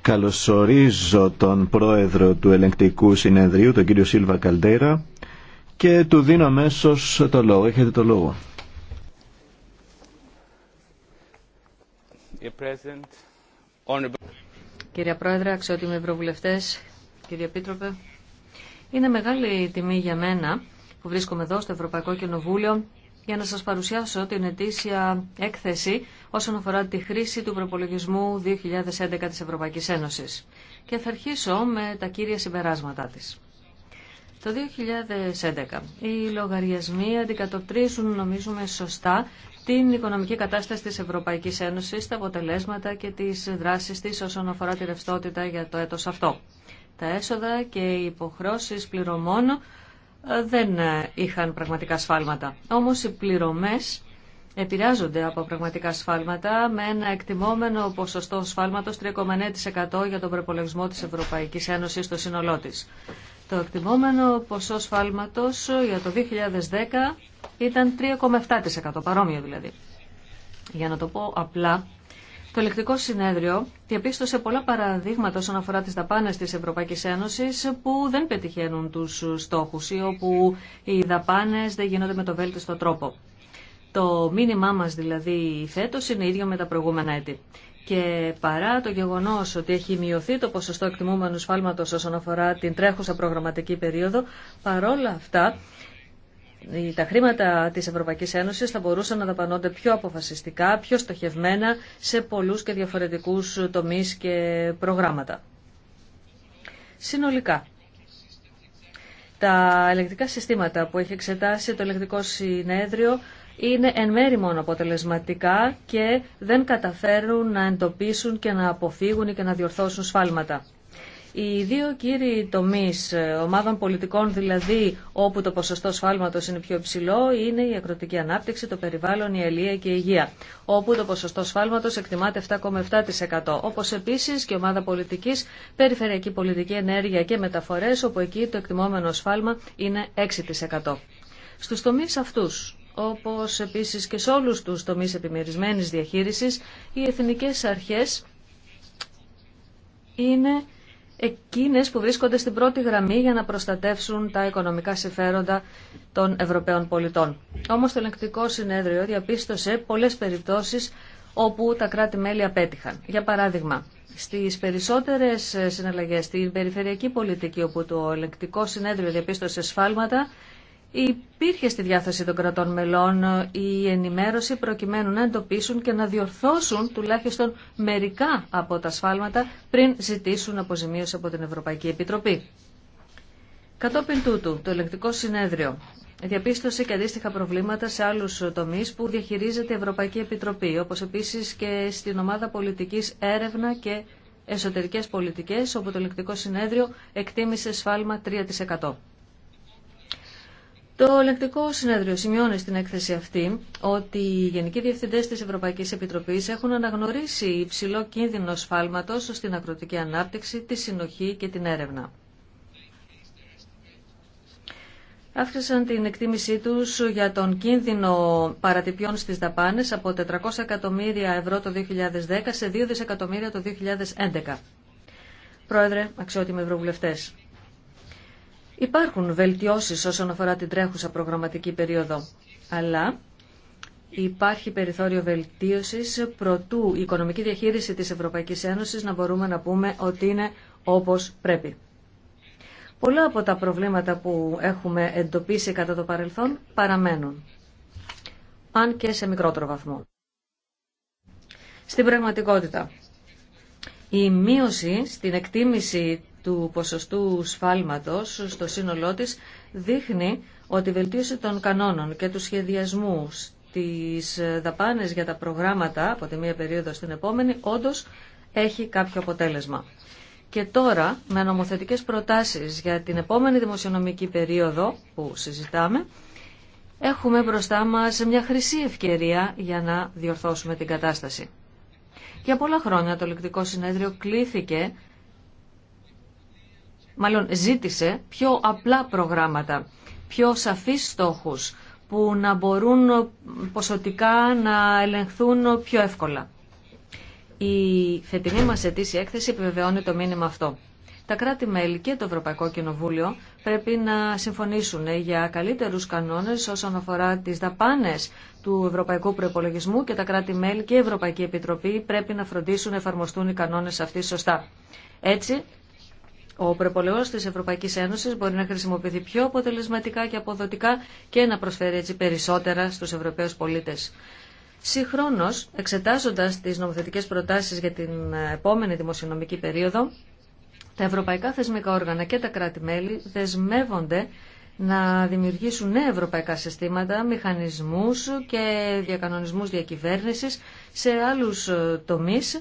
Καλωσορίζω τον πρόεδρο του ελεγκτικού συνεδρίου, τον κύριο Σίλβα Καλτέρα και του δίνω αμέσω το λόγο. Έχετε το λόγο. Κύριε Πρόεδρε, αξιότιμοι Ευρωβουλευτέ, κύριε Επίτροπε, είναι μεγάλη τιμή για μένα που βρίσκομαι εδώ στο Ευρωπαϊκό Κοινοβούλιο για να σας παρουσιάσω την ετήσια έκθεση όσον αφορά τη χρήση του προπολογισμού 2011 της Ευρωπαϊκής Ένωσης. Και θα αρχίσω με τα κύρια συμπεράσματά της. Το 2011 οι λογαριασμοί αντικατοπτρίζουν νομίζουμε σωστά την οικονομική κατάσταση της Ευρωπαϊκής Ένωσης, τα αποτελέσματα και τις δράσεις της όσον αφορά τη ρευστότητα για το έτος αυτό. Τα έσοδα και οι υποχρώσεις πληρωμών δεν ε, είχαν πραγματικά σφάλματα. Όμως οι πληρωμές επηρεάζονται από πραγματικά σφάλματα με ένα εκτιμόμενο ποσοστό σφάλματος 3,9% για τον προπολογισμό της Ευρωπαϊκής Ένωσης στο σύνολό τη. Το εκτιμόμενο ποσό σφάλματος για το 2010 ήταν 3,7% παρόμοιο δηλαδή. Για να το πω απλά, το ελεκτικό συνέδριο διαπίστωσε πολλά παραδείγματα όσον αφορά τις δαπάνες της Ευρωπαϊκής Ένωσης που δεν πετυχαίνουν τους στόχους ή όπου οι δαπάνες δεν γίνονται με το βέλτιστο τρόπο. Το μήνυμά μας δηλαδή φέτος είναι ίδιο με τα προηγούμενα έτη. Και παρά το γεγονός ότι έχει μειωθεί το ποσοστό εκτιμούμενου σφάλματος όσον αφορά την τρέχουσα προγραμματική περίοδο, παρόλα αυτά τα χρήματα της Ευρωπαϊκής Ένωσης θα μπορούσαν να δαπανώνται πιο αποφασιστικά, πιο στοχευμένα σε πολλούς και διαφορετικούς τομείς και προγράμματα. Συνολικά, τα ελεκτικά συστήματα που έχει εξετάσει το ελεκτικό συνέδριο είναι εν μέρη μόνο αποτελεσματικά και δεν καταφέρουν να εντοπίσουν και να αποφύγουν και να διορθώσουν σφάλματα. Οι δύο κύριοι τομείς ομάδων πολιτικών, δηλαδή όπου το ποσοστό σφάλματος είναι πιο υψηλό, είναι η ακροτική ανάπτυξη, το περιβάλλον, η αλληλεία και η υγεία, όπου το ποσοστό σφάλματος εκτιμάται 7,7%. Όπως επίσης και ομάδα πολιτικής, περιφερειακή πολιτική ενέργεια και μεταφορές, όπου εκεί το εκτιμόμενο σφάλμα είναι 6%. Στους τομείς αυτούς, όπως επίσης και σε όλους τους τομείς επιμερισμένης διαχείρισης, οι εθνικές αρχές είναι Εκείνε που βρίσκονται στην πρώτη γραμμή για να προστατεύσουν τα οικονομικά συμφέροντα των Ευρωπαίων πολιτών. Όμω το ελεγκτικό συνέδριο διαπίστωσε πολλές περιπτώσεις όπου τα κράτη-μέλη απέτυχαν. Για παράδειγμα, στι περισσότερε συναλλαγέ, στην περιφερειακή πολιτική όπου το ελεγκτικό συνέδριο διαπίστωσε σφάλματα, υπήρχε στη διάθεση των κρατών μελών η ενημέρωση προκειμένου να εντοπίσουν και να διορθώσουν τουλάχιστον μερικά από τα σφάλματα πριν ζητήσουν αποζημίωση από την Ευρωπαϊκή Επιτροπή. Κατόπιν τούτου, το ελεγκτικό συνέδριο διαπίστωσε και αντίστοιχα προβλήματα σε άλλους τομείς που διαχειρίζεται η Ευρωπαϊκή Επιτροπή, όπως επίσης και στην ομάδα πολιτικής έρευνα και εσωτερικές πολιτικές, όπου το ελεκτικό συνέδριο εκτίμησε σφάλμα 3%. Το ελεκτικό συνέδριο σημειώνει στην έκθεση αυτή ότι οι Γενικοί Διευθυντές της Ευρωπαϊκής Επιτροπής έχουν αναγνωρίσει υψηλό κίνδυνο σφάλματος στην ακροτική ανάπτυξη, τη συνοχή και την έρευνα. Αύξησαν την εκτίμησή τους για τον κίνδυνο παρατυπιών στις δαπάνες από 400 εκατομμύρια ευρώ το 2010 σε 2 δισεκατομμύρια το 2011. Πρόεδρε, αξιότιμοι ευρωβουλευτές, Υπάρχουν βελτιώσεις όσον αφορά την τρέχουσα προγραμματική περίοδο, αλλά υπάρχει περιθώριο βελτίωσης προτού η οικονομική διαχείριση της Ευρωπαϊκής Ένωσης να μπορούμε να πούμε ότι είναι όπως πρέπει. Πολλά από τα προβλήματα που έχουμε εντοπίσει κατά το παρελθόν παραμένουν, αν και σε μικρότερο βαθμό. Στην πραγματικότητα, η μείωση στην εκτίμηση του ποσοστού σφάλματος στο σύνολό της δείχνει ότι η βελτίωση των κανόνων και του σχεδιασμού της δαπάνες για τα προγράμματα από τη μία περίοδο στην επόμενη όντως έχει κάποιο αποτέλεσμα. Και τώρα με νομοθετικές προτάσεις για την επόμενη δημοσιονομική περίοδο που συζητάμε έχουμε μπροστά μας μια χρυσή ευκαιρία για να διορθώσουμε την κατάσταση. Για πολλά χρόνια το λεκτικό συνέδριο κλήθηκε μάλλον ζήτησε πιο απλά προγράμματα, πιο σαφείς στόχους που να μπορούν ποσοτικά να ελεγχθούν πιο εύκολα. Η φετινή μας ετήσια έκθεση επιβεβαιώνει το μήνυμα αυτό. Τα κράτη-μέλη και το Ευρωπαϊκό Κοινοβούλιο πρέπει να συμφωνήσουν για καλύτερους κανόνες όσον αφορά τις δαπάνες του Ευρωπαϊκού Προϋπολογισμού και τα κράτη-μέλη και η Ευρωπαϊκή Επιτροπή πρέπει να φροντίσουν να εφαρμοστούν οι κανόνες αυτοί σωστά. Έτσι ο προπολεό τη Ευρωπαϊκή Ένωση μπορεί να χρησιμοποιηθεί πιο αποτελεσματικά και αποδοτικά και να προσφέρει έτσι περισσότερα στου Ευρωπαίου πολίτε. Συγχρόνω, εξετάζοντα τι νομοθετικέ προτάσει για την επόμενη δημοσιονομική περίοδο, τα ευρωπαϊκά θεσμικά όργανα και τα κράτη-μέλη δεσμεύονται να δημιουργήσουν νέα ευρωπαϊκά συστήματα, μηχανισμούς και διακανονισμούς διακυβέρνησης σε άλλους τομείς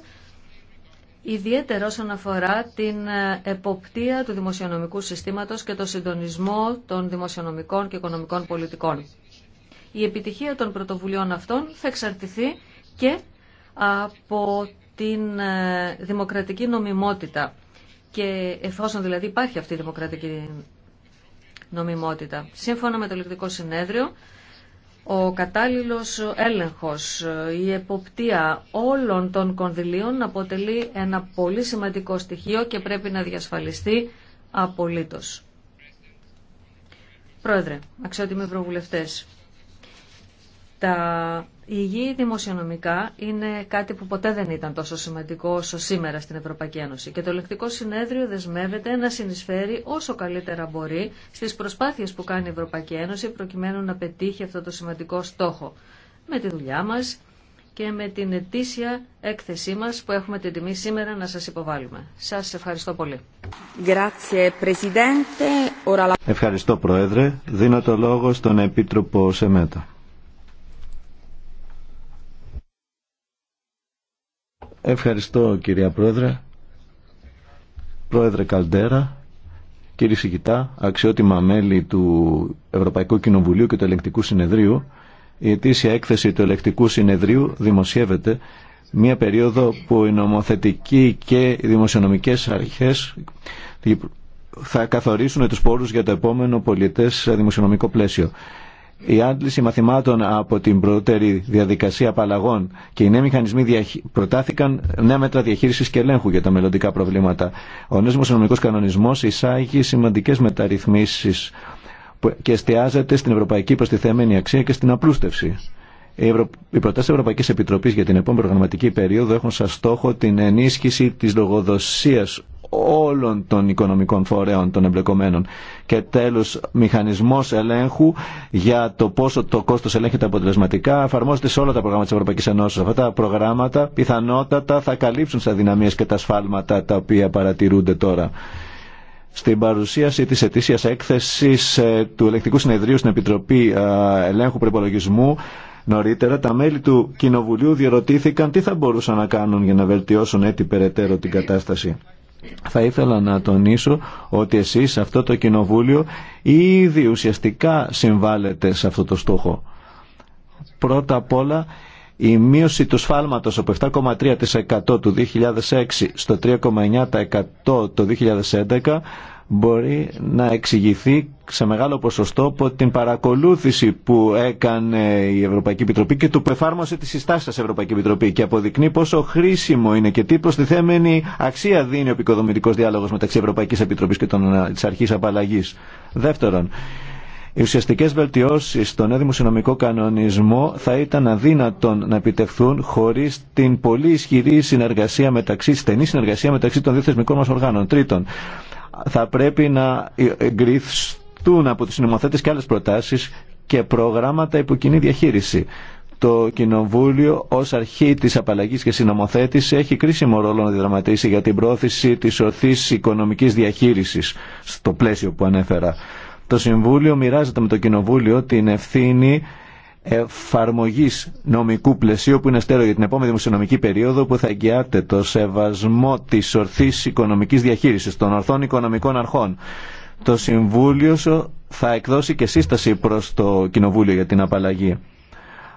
ιδιαίτερα όσον αφορά την ε, εποπτεία του δημοσιονομικού συστήματος και το συντονισμό των δημοσιονομικών και οικονομικών πολιτικών. Η επιτυχία των πρωτοβουλίων αυτών θα εξαρτηθεί και από την ε, δημοκρατική νομιμότητα και εφόσον δηλαδή υπάρχει αυτή η δημοκρατική νομιμότητα. Σύμφωνα με το Λεκτικό Συνέδριο, ο κατάλληλος έλεγχος, η εποπτεία όλων των κονδυλίων αποτελεί ένα πολύ σημαντικό στοιχείο και πρέπει να διασφαλιστεί απολύτως. Πρόεδρε, αξιότιμοι προβουλευτές. Τα υγιή δημοσιονομικά είναι κάτι που ποτέ δεν ήταν τόσο σημαντικό όσο σήμερα στην Ευρωπαϊκή Ένωση και το ελεκτικό συνέδριο δεσμεύεται να συνεισφέρει όσο καλύτερα μπορεί στις προσπάθειες που κάνει η Ευρωπαϊκή Ένωση προκειμένου να πετύχει αυτό το σημαντικό στόχο με τη δουλειά μας και με την ετήσια έκθεσή μας που έχουμε την τιμή σήμερα να σας υποβάλουμε. Σας ευχαριστώ πολύ. Ευχαριστώ Πρόεδρε. Δίνω το λόγο στον Επίτροπο Σεμέτα. Ευχαριστώ κυρία Πρόεδρε, Πρόεδρε Καλτέρα, κύριε Σιγητά, αξιότιμα μέλη του Ευρωπαϊκού Κοινοβουλίου και του Ελεκτικού Συνεδρίου. Η ετήσια έκθεση του Ελεκτικού Συνεδρίου δημοσιεύεται μια περίοδο που οι νομοθετικοί και οι δημοσιονομικές αρχές θα καθορίσουν τους πόρους για το επόμενο πολιτές δημοσιονομικό πλαίσιο η άντληση μαθημάτων από την προτερη διαδικασία απαλλαγών και οι νέοι μηχανισμοί διαχει... προτάθηκαν νέα μέτρα διαχείριση και ελέγχου για τα μελλοντικά προβλήματα. Ο νέο δημοσιονομικό κανονισμό εισάγει σημαντικέ μεταρρυθμίσει και εστιάζεται στην ευρωπαϊκή προστιθέμενη αξία και στην απλούστευση. Οι, Ευρω... οι προτάσει Ευρωπαϊκή Επιτροπή για την επόμενη προγραμματική περίοδο έχουν σαν στόχο την ενίσχυση τη λογοδοσία όλων των οικονομικών φορέων των εμπλεκομένων. Και τέλος, μηχανισμός ελέγχου για το πόσο το κόστος ελέγχεται αποτελεσματικά εφαρμόζεται σε όλα τα προγράμματα της Ευρωπαϊκής Ενώσης. Αυτά τα προγράμματα πιθανότατα θα καλύψουν στα δυναμίες και τα σφάλματα τα οποία παρατηρούνται τώρα. Στην παρουσίαση της ετήσιας έκθεσης ε, του Ελεκτικού Συνεδρίου στην Επιτροπή ε, Ελέγχου Προπολογισμού Νωρίτερα, τα μέλη του Κοινοβουλίου διερωτήθηκαν τι θα μπορούσαν να κάνουν για να βελτιώσουν έτσι περαιτέρω την κατάσταση θα ήθελα να τονίσω ότι εσείς αυτό το κοινοβούλιο ήδη ουσιαστικά συμβάλλετε σε αυτό το στόχο. Πρώτα απ' όλα η μείωση του σφάλματος από 7,3% του 2006 στο 3,9% το 2011 μπορεί να εξηγηθεί σε μεγάλο ποσοστό από την παρακολούθηση που έκανε η Ευρωπαϊκή Επιτροπή και του που εφάρμοσε τις συστάσεις της Ευρωπαϊκή Επιτροπή και αποδεικνύει πόσο χρήσιμο είναι και τι προστιθέμενη αξία δίνει ο επικοδομητικός διάλογος μεταξύ Ευρωπαϊκής Επιτροπής και των, ε, της αρχής απαλλαγής. Δεύτερον, οι ουσιαστικέ βελτιώσεις στον έδημο συνομικό κανονισμό θα ήταν αδύνατον να επιτευχθούν χωρί την πολύ ισχυρή συνεργασία μεταξύ, στενή συνεργασία μεταξύ των θεσμικών οργάνων. Τρίτον, θα πρέπει να εγκριθούν από τους νομοθέτες και άλλες προτάσεις και προγράμματα υπό διαχείριση. Το Κοινοβούλιο ως αρχή της απαλλαγής και συνομοθέτηση έχει κρίσιμο ρόλο να διδραματίσει για την πρόθεση της ορθής οικονομικής διαχείρισης στο πλαίσιο που ανέφερα. Το Συμβούλιο μοιράζεται με το Κοινοβούλιο την ευθύνη εφαρμογής νομικού πλαισίου που είναι στέρεο για την επόμενη δημοσιονομική περίοδο που θα εγγυάται το σεβασμό της ορθής οικονομικής διαχείρισης των ορθών οικονομικών αρχών. Το Συμβούλιο θα εκδώσει και σύσταση προς το Κοινοβούλιο για την απαλλαγή.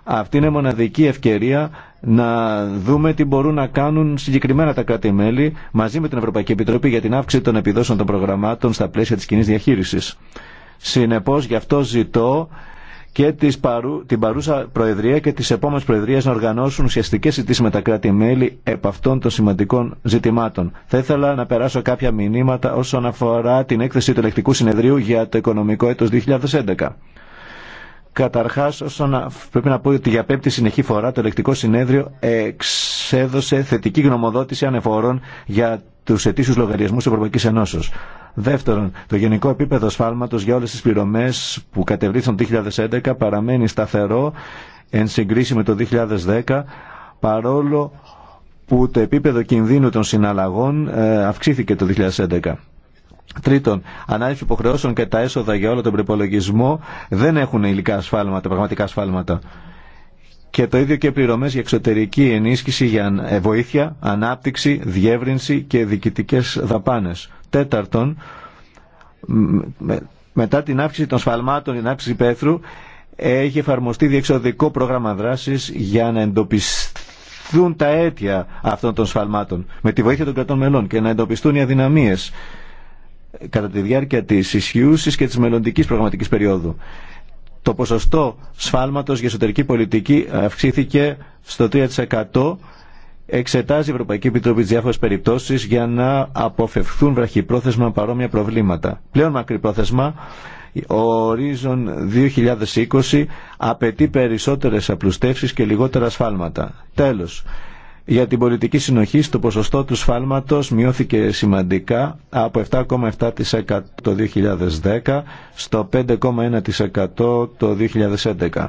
Αυτή είναι μοναδική ευκαιρία να δούμε τι μπορούν να κάνουν συγκεκριμένα τα κράτη-μέλη μαζί με την Ευρωπαϊκή Επιτροπή για την αύξηση των επιδόσεων των προγραμμάτων στα πλαίσια της κοινή διαχείρισης. Συνεπώς γι' αυτό ζητώ και την παρούσα Προεδρία και τις επόμενες Προεδρίες να οργανώσουν ουσιαστικές συζητήσεις με τα κράτη-μέλη επ' αυτών των σημαντικών ζητημάτων. Θα ήθελα να περάσω κάποια μηνύματα όσον αφορά την έκθεση του ελεκτικού συνεδρίου για το οικονομικό έτος 2011. Καταρχά, πρέπει να πω ότι για πέμπτη συνεχή φορά το ελεκτικό συνέδριο εξέδωσε θετική γνωμοδότηση ανεφορών για του ετήσιου λογαριασμού Ευρωπαϊκή Ενώσεω. Δεύτερον, το γενικό επίπεδο σφάλματο για όλε τι πληρωμέ που κατευρύθησαν το 2011 παραμένει σταθερό εν συγκρίση με το 2010, παρόλο που το επίπεδο κινδύνου των συναλλαγών ε, αυξήθηκε το 2011. Τρίτον, ανάληψη υποχρεώσεων και τα έσοδα για όλο τον προπολογισμό δεν έχουν υλικά ασφάλματα, πραγματικά ασφάλματα και το ίδιο και πληρωμέ για εξωτερική ενίσχυση για ε, βοήθεια, ανάπτυξη, διεύρυνση και διοικητικέ δαπάνες. Τέταρτον, μετά την αύξηση των σφαλμάτων, την αύξηση πέθρου, έχει εφαρμοστεί διεξοδικό πρόγραμμα δράση για να εντοπιστούν τα αίτια αυτών των σφαλμάτων με τη βοήθεια των κρατών μελών και να εντοπιστούν οι αδυναμίες ε, κατά τη διάρκεια της ισχύουσης και της μελλοντικής προγραμματικής περίοδου το ποσοστό σφάλματος για εσωτερική πολιτική αυξήθηκε στο 3%. Εξετάζει η Ευρωπαϊκή Επιτροπή τις διάφορες περιπτώσεις για να αποφευχθούν βραχυπρόθεσμα παρόμοια προβλήματα. Πλέον μακρυπρόθεσμα, ο ορίζον 2020 απαιτεί περισσότερες απλουστεύσεις και λιγότερα σφάλματα. Τέλος, για την πολιτική συνοχή το ποσοστό του σφάλματος μειώθηκε σημαντικά από 7,7% το 2010 στο 5,1% το 2011.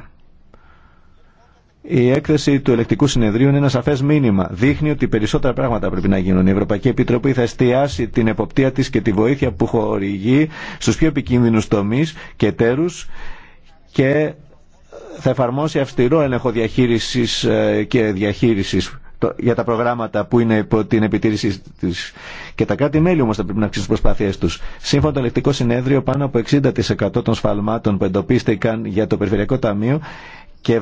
Η έκθεση του ελεκτικού συνεδρίου είναι ένα σαφέ μήνυμα. Δείχνει ότι περισσότερα πράγματα πρέπει να γίνουν. Η Ευρωπαϊκή Επιτροπή θα εστιάσει την εποπτεία της και τη βοήθεια που χορηγεί στους πιο επικίνδυνους τομείς και τέρους και θα εφαρμόσει αυστηρό έλεγχο διαχείριση ε, και διαχείρισης για τα προγράμματα που είναι υπό την επιτήρηση τη. Και τα κάτι μελη όμω θα πρέπει να αυξήσουν τι προσπάθειέ του. Σύμφωνα το λεκτικό συνέδριο, πάνω από 60% των σφαλμάτων που εντοπίστηκαν για το Περιφερειακό Ταμείο και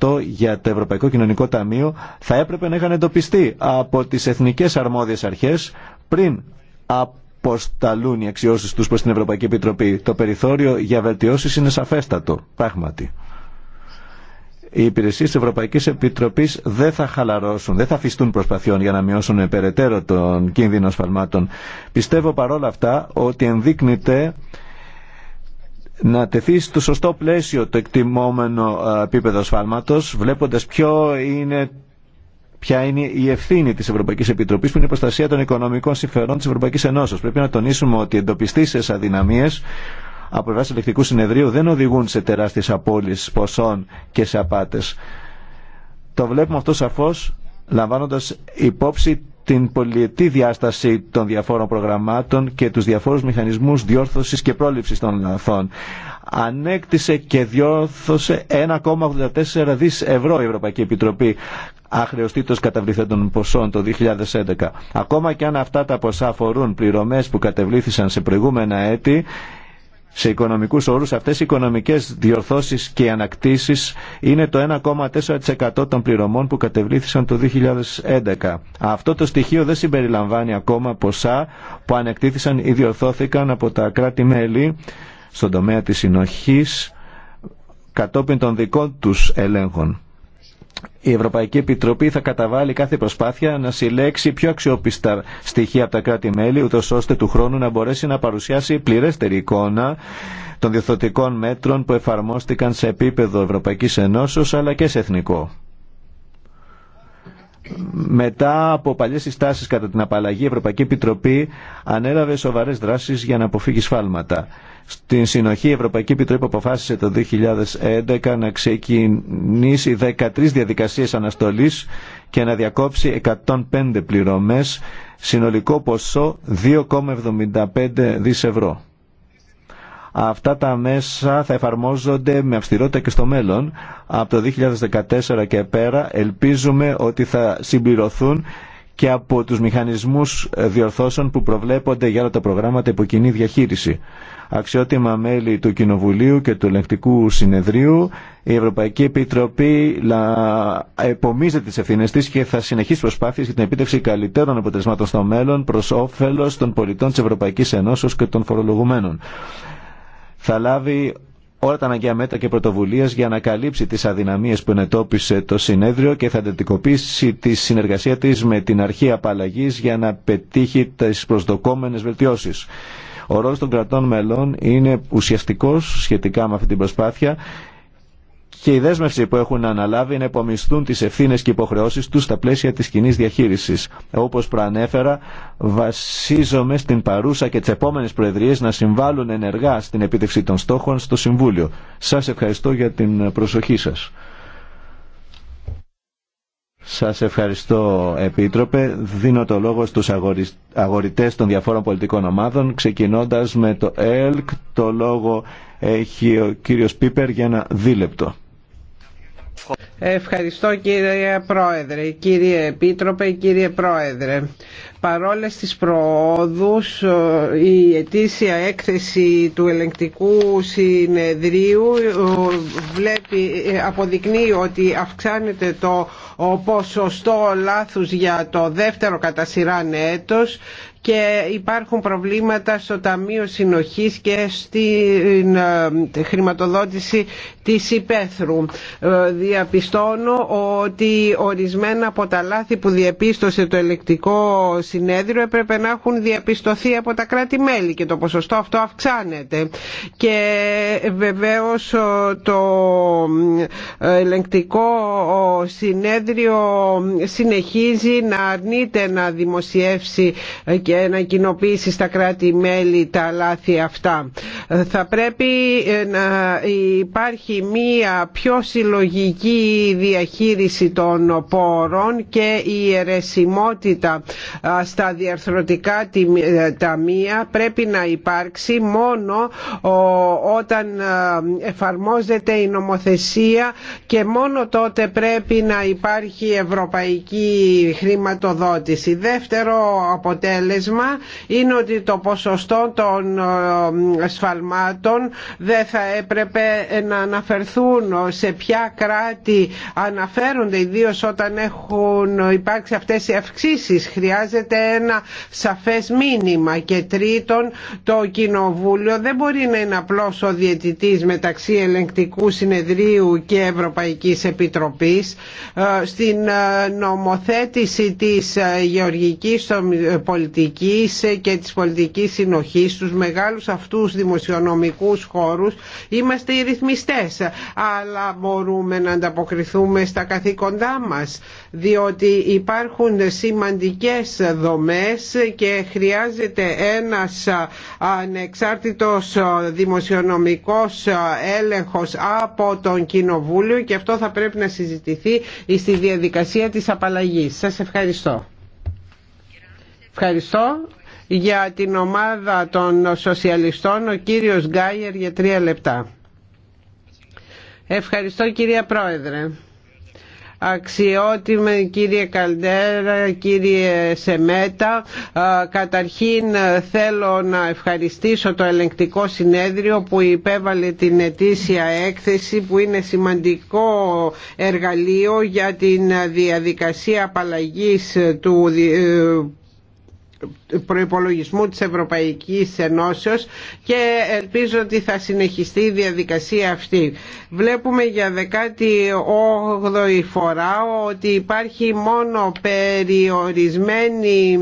76% για το Ευρωπαϊκό Κοινωνικό Ταμείο θα έπρεπε να είχαν εντοπιστεί από τι εθνικέ αρμόδιε αρχέ πριν αποσταλούν οι αξιώσει του προ την Ευρωπαϊκή Επιτροπή. Το περιθώριο για βελτιώσει είναι σαφέστατο, πράγματι οι υπηρεσίε τη Ευρωπαϊκή Επιτροπή δεν θα χαλαρώσουν, δεν θα αφιστούν προσπαθειών για να μειώσουν περαιτέρω τον κίνδυνο σφαλμάτων. Πιστεύω παρόλα αυτά ότι ενδείκνεται να τεθεί στο σωστό πλαίσιο το εκτιμόμενο επίπεδο σφάλματο, βλέποντας ποιο είναι, ποια είναι η ευθύνη τη Ευρωπαϊκή Επιτροπή, που είναι η προστασία των οικονομικών συμφερόντων τη Ευρωπαϊκή Ενώσεω. Πρέπει να τονίσουμε ότι εντοπιστήσεις αδυναμίε από πλευρά ελεκτικού συνεδρίου δεν οδηγούν σε τεράστιε απώλειε ποσών και σε απάτε. Το βλέπουμε αυτό σαφώ, λαμβάνοντα υπόψη την πολιετή διάσταση των διαφόρων προγραμμάτων και τους διαφόρους μηχανισμούς διόρθωσης και πρόληψης των λαθών. Ανέκτησε και διόρθωσε 1,84 δις ευρώ η Ευρωπαϊκή Επιτροπή αχρεωστήτως καταβληθέντων ποσών το 2011. Ακόμα και αν αυτά τα ποσά αφορούν πληρωμές που κατεβλήθησαν σε προηγούμενα έτη, σε οικονομικούς όρους αυτές οι οικονομικές διορθώσεις και ανακτήσεις είναι το 1,4% των πληρωμών που κατεβλήθησαν το 2011. Αυτό το στοιχείο δεν συμπεριλαμβάνει ακόμα ποσά που ανακτήθησαν ή διορθώθηκαν από τα κράτη-μέλη στον τομέα της συνοχής κατόπιν των δικών τους ελέγχων η Ευρωπαϊκή Επιτροπή θα καταβάλει κάθε προσπάθεια να συλλέξει πιο αξιόπιστα στοιχεία από τα κράτη-μέλη, ούτω ώστε του χρόνου να μπορέσει να παρουσιάσει πληρέστερη εικόνα των διορθωτικών μέτρων που εφαρμόστηκαν σε επίπεδο Ευρωπαϊκής Ενώσεω, αλλά και σε εθνικό μετά από παλιές συστάσεις κατά την απαλλαγή, η Ευρωπαϊκή Επιτροπή ανέλαβε σοβαρές δράσεις για να αποφύγει σφάλματα. Στην συνοχή η Ευρωπαϊκή Επιτροπή αποφάσισε το 2011 να ξεκινήσει 13 διαδικασίες αναστολής και να διακόψει 105 πληρωμές, συνολικό ποσό 2,75 δις ευρώ. Αυτά τα μέσα θα εφαρμόζονται με αυστηρότητα και στο μέλλον. Από το 2014 και πέρα ελπίζουμε ότι θα συμπληρωθούν και από τους μηχανισμούς διορθώσεων που προβλέπονται για όλα τα προγράμματα υπό κοινή διαχείριση. Αξιότιμα μέλη του Κοινοβουλίου και του Ελεγκτικού Συνεδρίου, η Ευρωπαϊκή Επιτροπή επομίζεται τις ευθύνες της και θα συνεχίσει προσπάθειες για την επίτευξη καλύτερων αποτελεσμάτων στο μέλλον προς όφελος των πολιτών της Ευρωπαϊκής Ενώσεως και των φορολογουμένων θα λάβει όλα τα αναγκαία μέτρα και πρωτοβουλίες για να καλύψει τις αδυναμίες που ενετόπισε το συνέδριο και θα εντατικοποιήσει τη συνεργασία της με την αρχή απαλλαγή για να πετύχει τις προσδοκόμενες βελτιώσεις. Ο ρόλος των κρατών μελών είναι ουσιαστικός σχετικά με αυτή την προσπάθεια και η δέσμευση που έχουν αναλάβει να υπομισθούν τις ευθύνες και υποχρεώσεις τους στα πλαίσια της κοινή διαχείρισης. Όπως προανέφερα, βασίζομαι στην παρούσα και τις επόμενες προεδρίες να συμβάλλουν ενεργά στην επίτευξη των στόχων στο Συμβούλιο. Σας ευχαριστώ για την προσοχή σας. Σας ευχαριστώ Επίτροπε. Δίνω το λόγο στους αγορητές των διαφόρων πολιτικών ομάδων ξεκινώντας με το ΕΛΚ. Το λόγο έχει ο κύριος Πίπερ για ένα δίλεπτο. Ευχαριστώ κύριε Πρόεδρε, κύριε Επίτροπε, κύριε Πρόεδρε. Παρόλες τις προόδους, ε, η ετήσια έκθεση του ελεγκτικού συνεδρίου ε, βλέπει, ε, αποδεικνύει ότι αυξάνεται το ποσοστό λάθους για το δεύτερο κατά σειράν έτος και υπάρχουν προβλήματα στο Ταμείο Συνοχής και στην ε, χρηματοδότηση της Υπέθρου. Ε, διαπιστώνω ότι ορισμένα από τα λάθη που διαπίστωσε το ελεκτικό συνέδριο έπρεπε να έχουν διαπιστωθεί από τα κράτη-μέλη και το ποσοστό αυτό αυξάνεται. Και βεβαίως ε, το ελεκτικό συνέδριο συνεχίζει να αρνείται να δημοσιεύσει και να κοινοποιήσει στα κράτη-μέλη τα λάθη αυτά. Θα πρέπει ε, να υπάρχει μία πιο συλλογική διαχείριση των πόρων και η ερεσιμότητα στα διαρθρωτικά ε, ταμεία πρέπει να υπάρξει μόνο όταν ε, εφαρμόζεται η νομοθεσία και μόνο τότε πρέπει να υπάρχει ευρωπαϊκή χρηματοδότηση. Δεύτερο αποτέλεσμα είναι ότι το ποσοστό των ε, σφαλμάτων δεν θα έπρεπε να αναφερθούν σε ποια κράτη αναφέρονται ιδίω όταν έχουν υπάρξει αυτές οι αυξήσεις. Χρειάζεται ένα σαφές μήνυμα και τρίτον το Κοινοβούλιο δεν μπορεί να είναι απλώς ο διαιτητής μεταξύ ελεγκτικού συνεδρίου και Ευρωπαϊκής Επιτροπής ε, στην ε, νομοθέτηση της γεωργικής πολιτικής πολιτικής ε, και της πολιτικής συνοχής στους μεγάλους αυτούς δημοσιονομικούς χώρους είμαστε οι ρυθμιστές αλλά μπορούμε να ανταποκριθούμε στα καθήκοντά μας διότι υπάρχουν σημαντικές δομές και χρειάζεται ένας ανεξάρτητος δημοσιονομικός έλεγχος από τον Κοινοβούλιο και αυτό θα πρέπει να συζητηθεί στη διαδικασία της απαλλαγής. Σας ευχαριστώ. Ευχαριστώ. Για την ομάδα των σοσιαλιστών ο κύριος Γκάιερ για τρία λεπτά. Ευχαριστώ κυρία Πρόεδρε. Αξιότιμε κύριε Καλντέρα, κύριε Σεμέτα, καταρχήν θέλω να ευχαριστήσω το ελεγκτικό συνέδριο που υπέβαλε την ετήσια έκθεση που είναι σημαντικό εργαλείο για την διαδικασία απαλλαγής του ε, προϋπολογισμού της Ευρωπαϊκής Ενώσεως και ελπίζω ότι θα συνεχιστεί η διαδικασία αυτή. Βλέπουμε για 18η φορά ότι υπάρχει μόνο περιορισμένη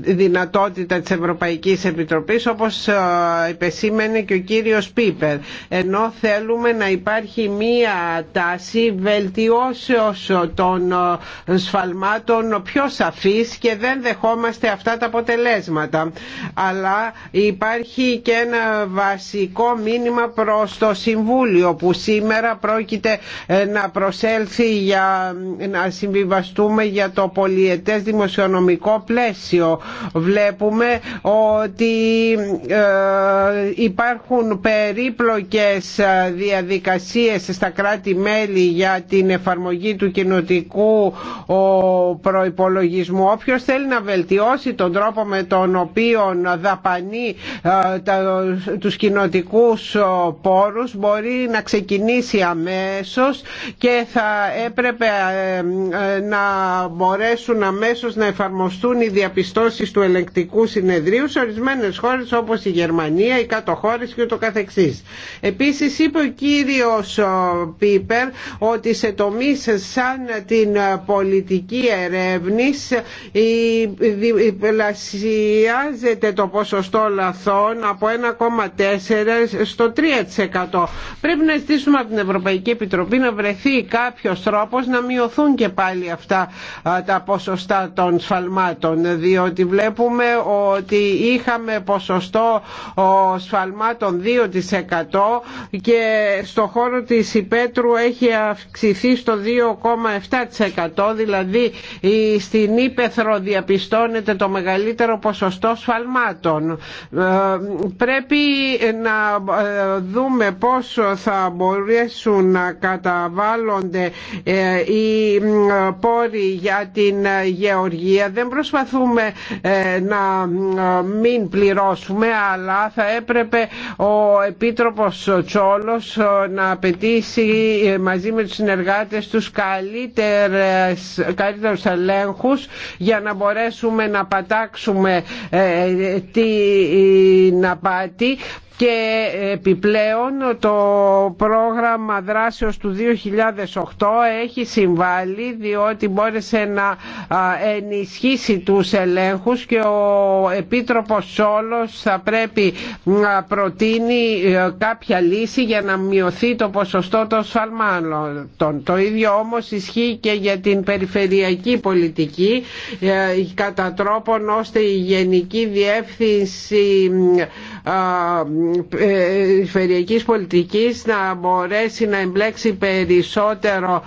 δυνατότητα της Ευρωπαϊκής Επιτροπής όπως υπεσήμενε και ο κύριος Πίπερ ενώ θέλουμε να υπάρχει μία τάση βελτιώσεως των σφαλμάτων πιο σαφής και δεν δεχόμαστε αυτά τα αποτελέσματα. Αλλά υπάρχει και ένα βασικό μήνυμα προς το Συμβούλιο που σήμερα πρόκειται ε, να προσέλθει για να συμβιβαστούμε για το πολιετές δημοσιονομικό πλαίσιο. Βλέπουμε ότι ε, υπάρχουν περίπλοκες ε, διαδικασίες στα κράτη-μέλη για την εφαρμογή του κοινοτικού προϋπολογισμού θέλει να βελτιώσει τον τρόπο με τον οποίο δαπανεί ε, τους κοινοτικούς ε, πόρους μπορεί να ξεκινήσει αμέσως και θα έπρεπε ε, να μπορέσουν αμέσως να εφαρμοστούν οι διαπιστώσεις του ελεγκτικού συνεδρίου σε ορισμένες χώρες όπως η Γερμανία, οι κάτω χώρες και ούτω καθεξής. Επίσης είπε ο κύριος Πίπερ ότι σε τομείς σαν την πολιτική ερεύνης διπλασιάζεται το ποσοστό λαθών από 1,4% στο 3%. Πρέπει να ζητήσουμε από την Ευρωπαϊκή Επιτροπή να βρεθεί κάποιος τρόπος να μειωθούν και πάλι αυτά τα ποσοστά των σφαλμάτων διότι βλέπουμε ότι είχαμε ποσοστό σφαλμάτων 2% και στο χώρο της υπέτρου έχει αυξηθεί στο 2,7% δηλαδή στην ύπεθρο διαπιστώνεται το μεγαλύτερο ποσοστό σφαλμάτων. Ε, πρέπει να ε, δούμε πόσο θα μπορέσουν να καταβάλλονται ε, οι πόροι για την γεωργία. Δεν προσπαθούμε να μην πληρώσουμε αλλά θα έπρεπε ο Επίτροπος Τσόλος να απαιτήσει μαζί με τους συνεργάτες τους καλύτερους ελέγχους για να να μπορέσουμε να πατάξουμε ε, ε, την απάτη και επιπλέον το πρόγραμμα δράσεως του 2008 έχει συμβάλει διότι μπόρεσε να ενισχύσει τους ελέγχους και ο Επίτροπος Σόλος θα πρέπει να προτείνει ε, κάποια λύση για να μειωθεί το ποσοστό των σφαλμάτων. Το ίδιο όμως ισχύει και για την περιφερειακή πολιτική ε, κατά τρόπον ώστε η Γενική Διεύθυνση ε, περιφερειακής πολιτικής να μπορέσει να εμπλέξει περισσότερο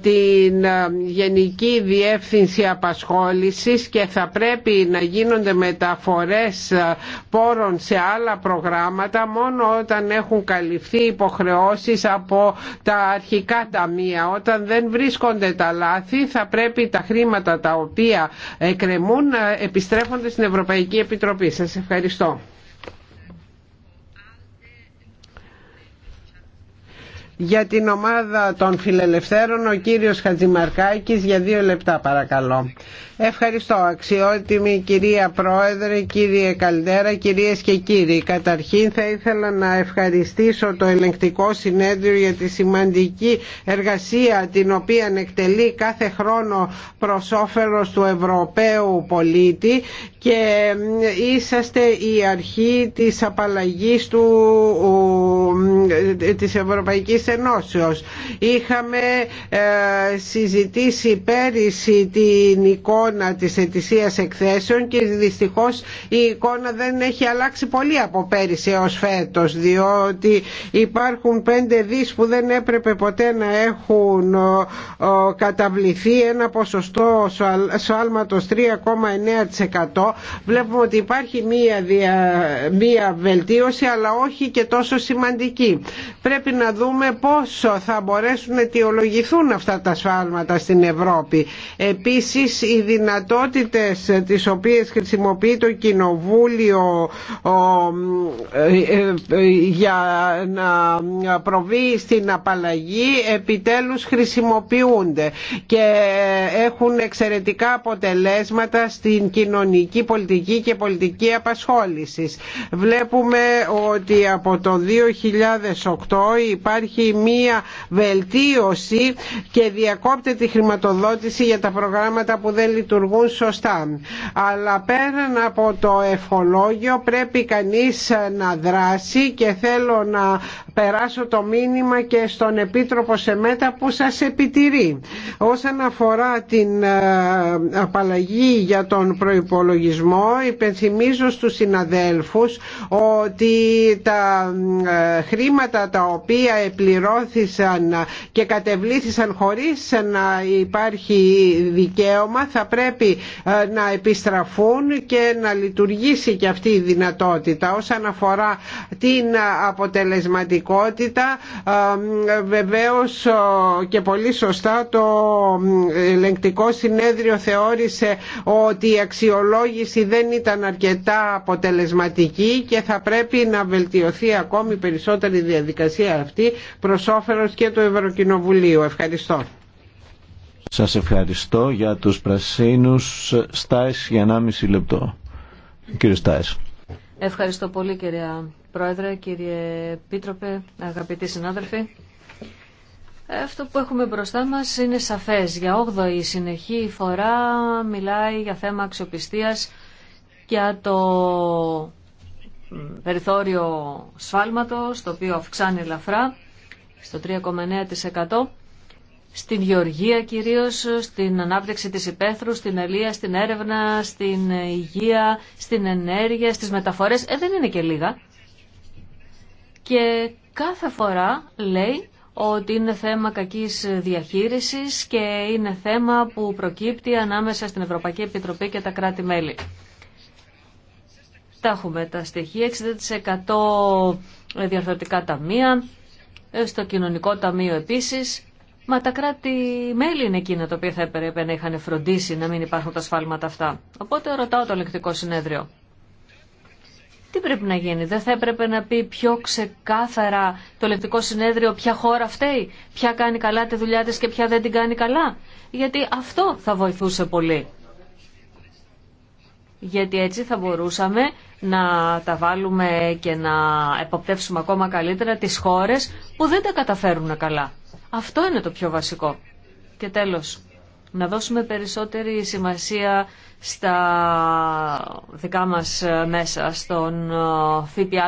την ε, Γενική Διεύθυνση Απασχόλησης και θα πρέπει να γίνονται μεταφορές ε, πόρων σε άλλα προγράμματα μόνο όταν έχουν καλυφθεί υποχρεώσεις από τα αρχικά ταμεία. Όταν δεν βρίσκονται τα λάθη θα πρέπει τα χρήματα τα οποία εκκρεμούν να επιστρέφονται στην Ευρωπαϊκή Επιτροπή. Σας ευχαριστώ. Για την ομάδα των φιλελευθέρων ο κύριος Χατζημαρκάκης για δύο λεπτά παρακαλώ. Ευχαριστώ αξιότιμη κυρία Πρόεδρε, κύριε Καλδέρα, κυρίες και κύριοι. Καταρχήν θα ήθελα να ευχαριστήσω το ελεγκτικό συνέδριο για τη σημαντική εργασία την οποία εκτελεί κάθε χρόνο προς όφελος του Ευρωπαίου πολίτη και είσαστε η αρχή της απαλλαγής του, της Ευρωπαϊκής Ενώσεως. Είχαμε ε, συζητήσει πέρυσι την εικόνα της ετησίας εκθέσεων και δυστυχώς η εικόνα δεν έχει αλλάξει πολύ από πέρυσι έως φέτος διότι υπάρχουν πέντε δις που δεν έπρεπε ποτέ να έχουν καταβληθεί ένα ποσοστό σφάλματος 3,9% βλέπουμε ότι υπάρχει μία, δια, μία βελτίωση αλλά όχι και τόσο σημαντική. Πρέπει να δούμε πόσο θα μπορέσουν να αιτιολογηθούν αυτά τα σφάλματα στην Ευρώπη. Επίσης οι δυνατότητες τις οποίες χρησιμοποιεί το Κοινοβούλιο ε, ε, για να προβεί στην απαλλαγή επιτέλους χρησιμοποιούνται και έχουν εξαιρετικά αποτελέσματα στην κοινωνική πολιτική και πολιτική απασχόλησης. Βλέπουμε ότι από το 2008 υπάρχει μία βελτίωση και διακόπτεται τη χρηματοδότηση για τα προγράμματα που δεν λειτουργούν σωστά. Αλλά πέραν από το ευχολόγιο πρέπει κανείς να δράσει και θέλω να περάσω το μήνυμα και στον Επίτροπο Σεμέτα που σας επιτηρεί. Όσον αφορά την ε, απαλλαγή για τον προϋπολογισμό προϋπολογισμό υπενθυμίζω στους συναδέλφους ότι τα ε, χρήματα τα οποία επληρώθησαν και κατεβλήθησαν χωρίς να υπάρχει δικαίωμα θα πρέπει ε, να επιστραφούν και να λειτουργήσει και αυτή η δυνατότητα όσον αφορά την αποτελεσματικότητα ε, βεβαίως και πολύ σωστά το ελεγκτικό συνέδριο θεώρησε ότι η αξιολόγηση δεν ήταν αρκετά αποτελεσματική και θα πρέπει να βελτιωθεί ακόμη περισσότερη η διαδικασία αυτή προς όφελος και του Ευρωκοινοβουλίου. Ευχαριστώ. Σας ευχαριστώ για τους πρασίνους. Στάις για 1,5 λεπτό. Κύριε Στάις. Ευχαριστώ πολύ κύριε Πρόεδρε, κύριε Πίτροπε, αγαπητοί συνάδελφοι. Αυτό που έχουμε μπροστά μας είναι σαφές. Για 8η συνεχή φορά μιλάει για θέμα αξιοπιστίας για το περιθώριο σφάλματος, το οποίο αυξάνει ελαφρά στο 3,9%. Στην γεωργία κυρίως, στην ανάπτυξη της υπαίθρου, στην αλία, στην έρευνα, στην υγεία, στην ενέργεια, στις μεταφορές. Ε, δεν είναι και λίγα. Και κάθε φορά λέει ότι είναι θέμα κακής διαχείρισης και είναι θέμα που προκύπτει ανάμεσα στην Ευρωπαϊκή Επιτροπή και τα κράτη-μέλη. Τα έχουμε τα στοιχεία, 60% διαρθρωτικά ταμεία, στο κοινωνικό ταμείο επίσης. Μα τα κράτη-μέλη είναι εκείνα τα οποία θα έπρεπε να είχαν φροντίσει να μην υπάρχουν τα σφάλματα αυτά. Οπότε ρωτάω το λεκτικό συνέδριο τι πρέπει να γίνει, δεν θα έπρεπε να πει πιο ξεκάθαρα το λεπτικό συνέδριο ποια χώρα φταίει, ποια κάνει καλά τη δουλειά της και ποια δεν την κάνει καλά. Γιατί αυτό θα βοηθούσε πολύ. Γιατί έτσι θα μπορούσαμε να τα βάλουμε και να εποπτεύσουμε ακόμα καλύτερα τις χώρες που δεν τα καταφέρουν καλά. Αυτό είναι το πιο βασικό. Και τέλος, να δώσουμε περισσότερη σημασία στα δικά μας ε, μέσα, στον ε,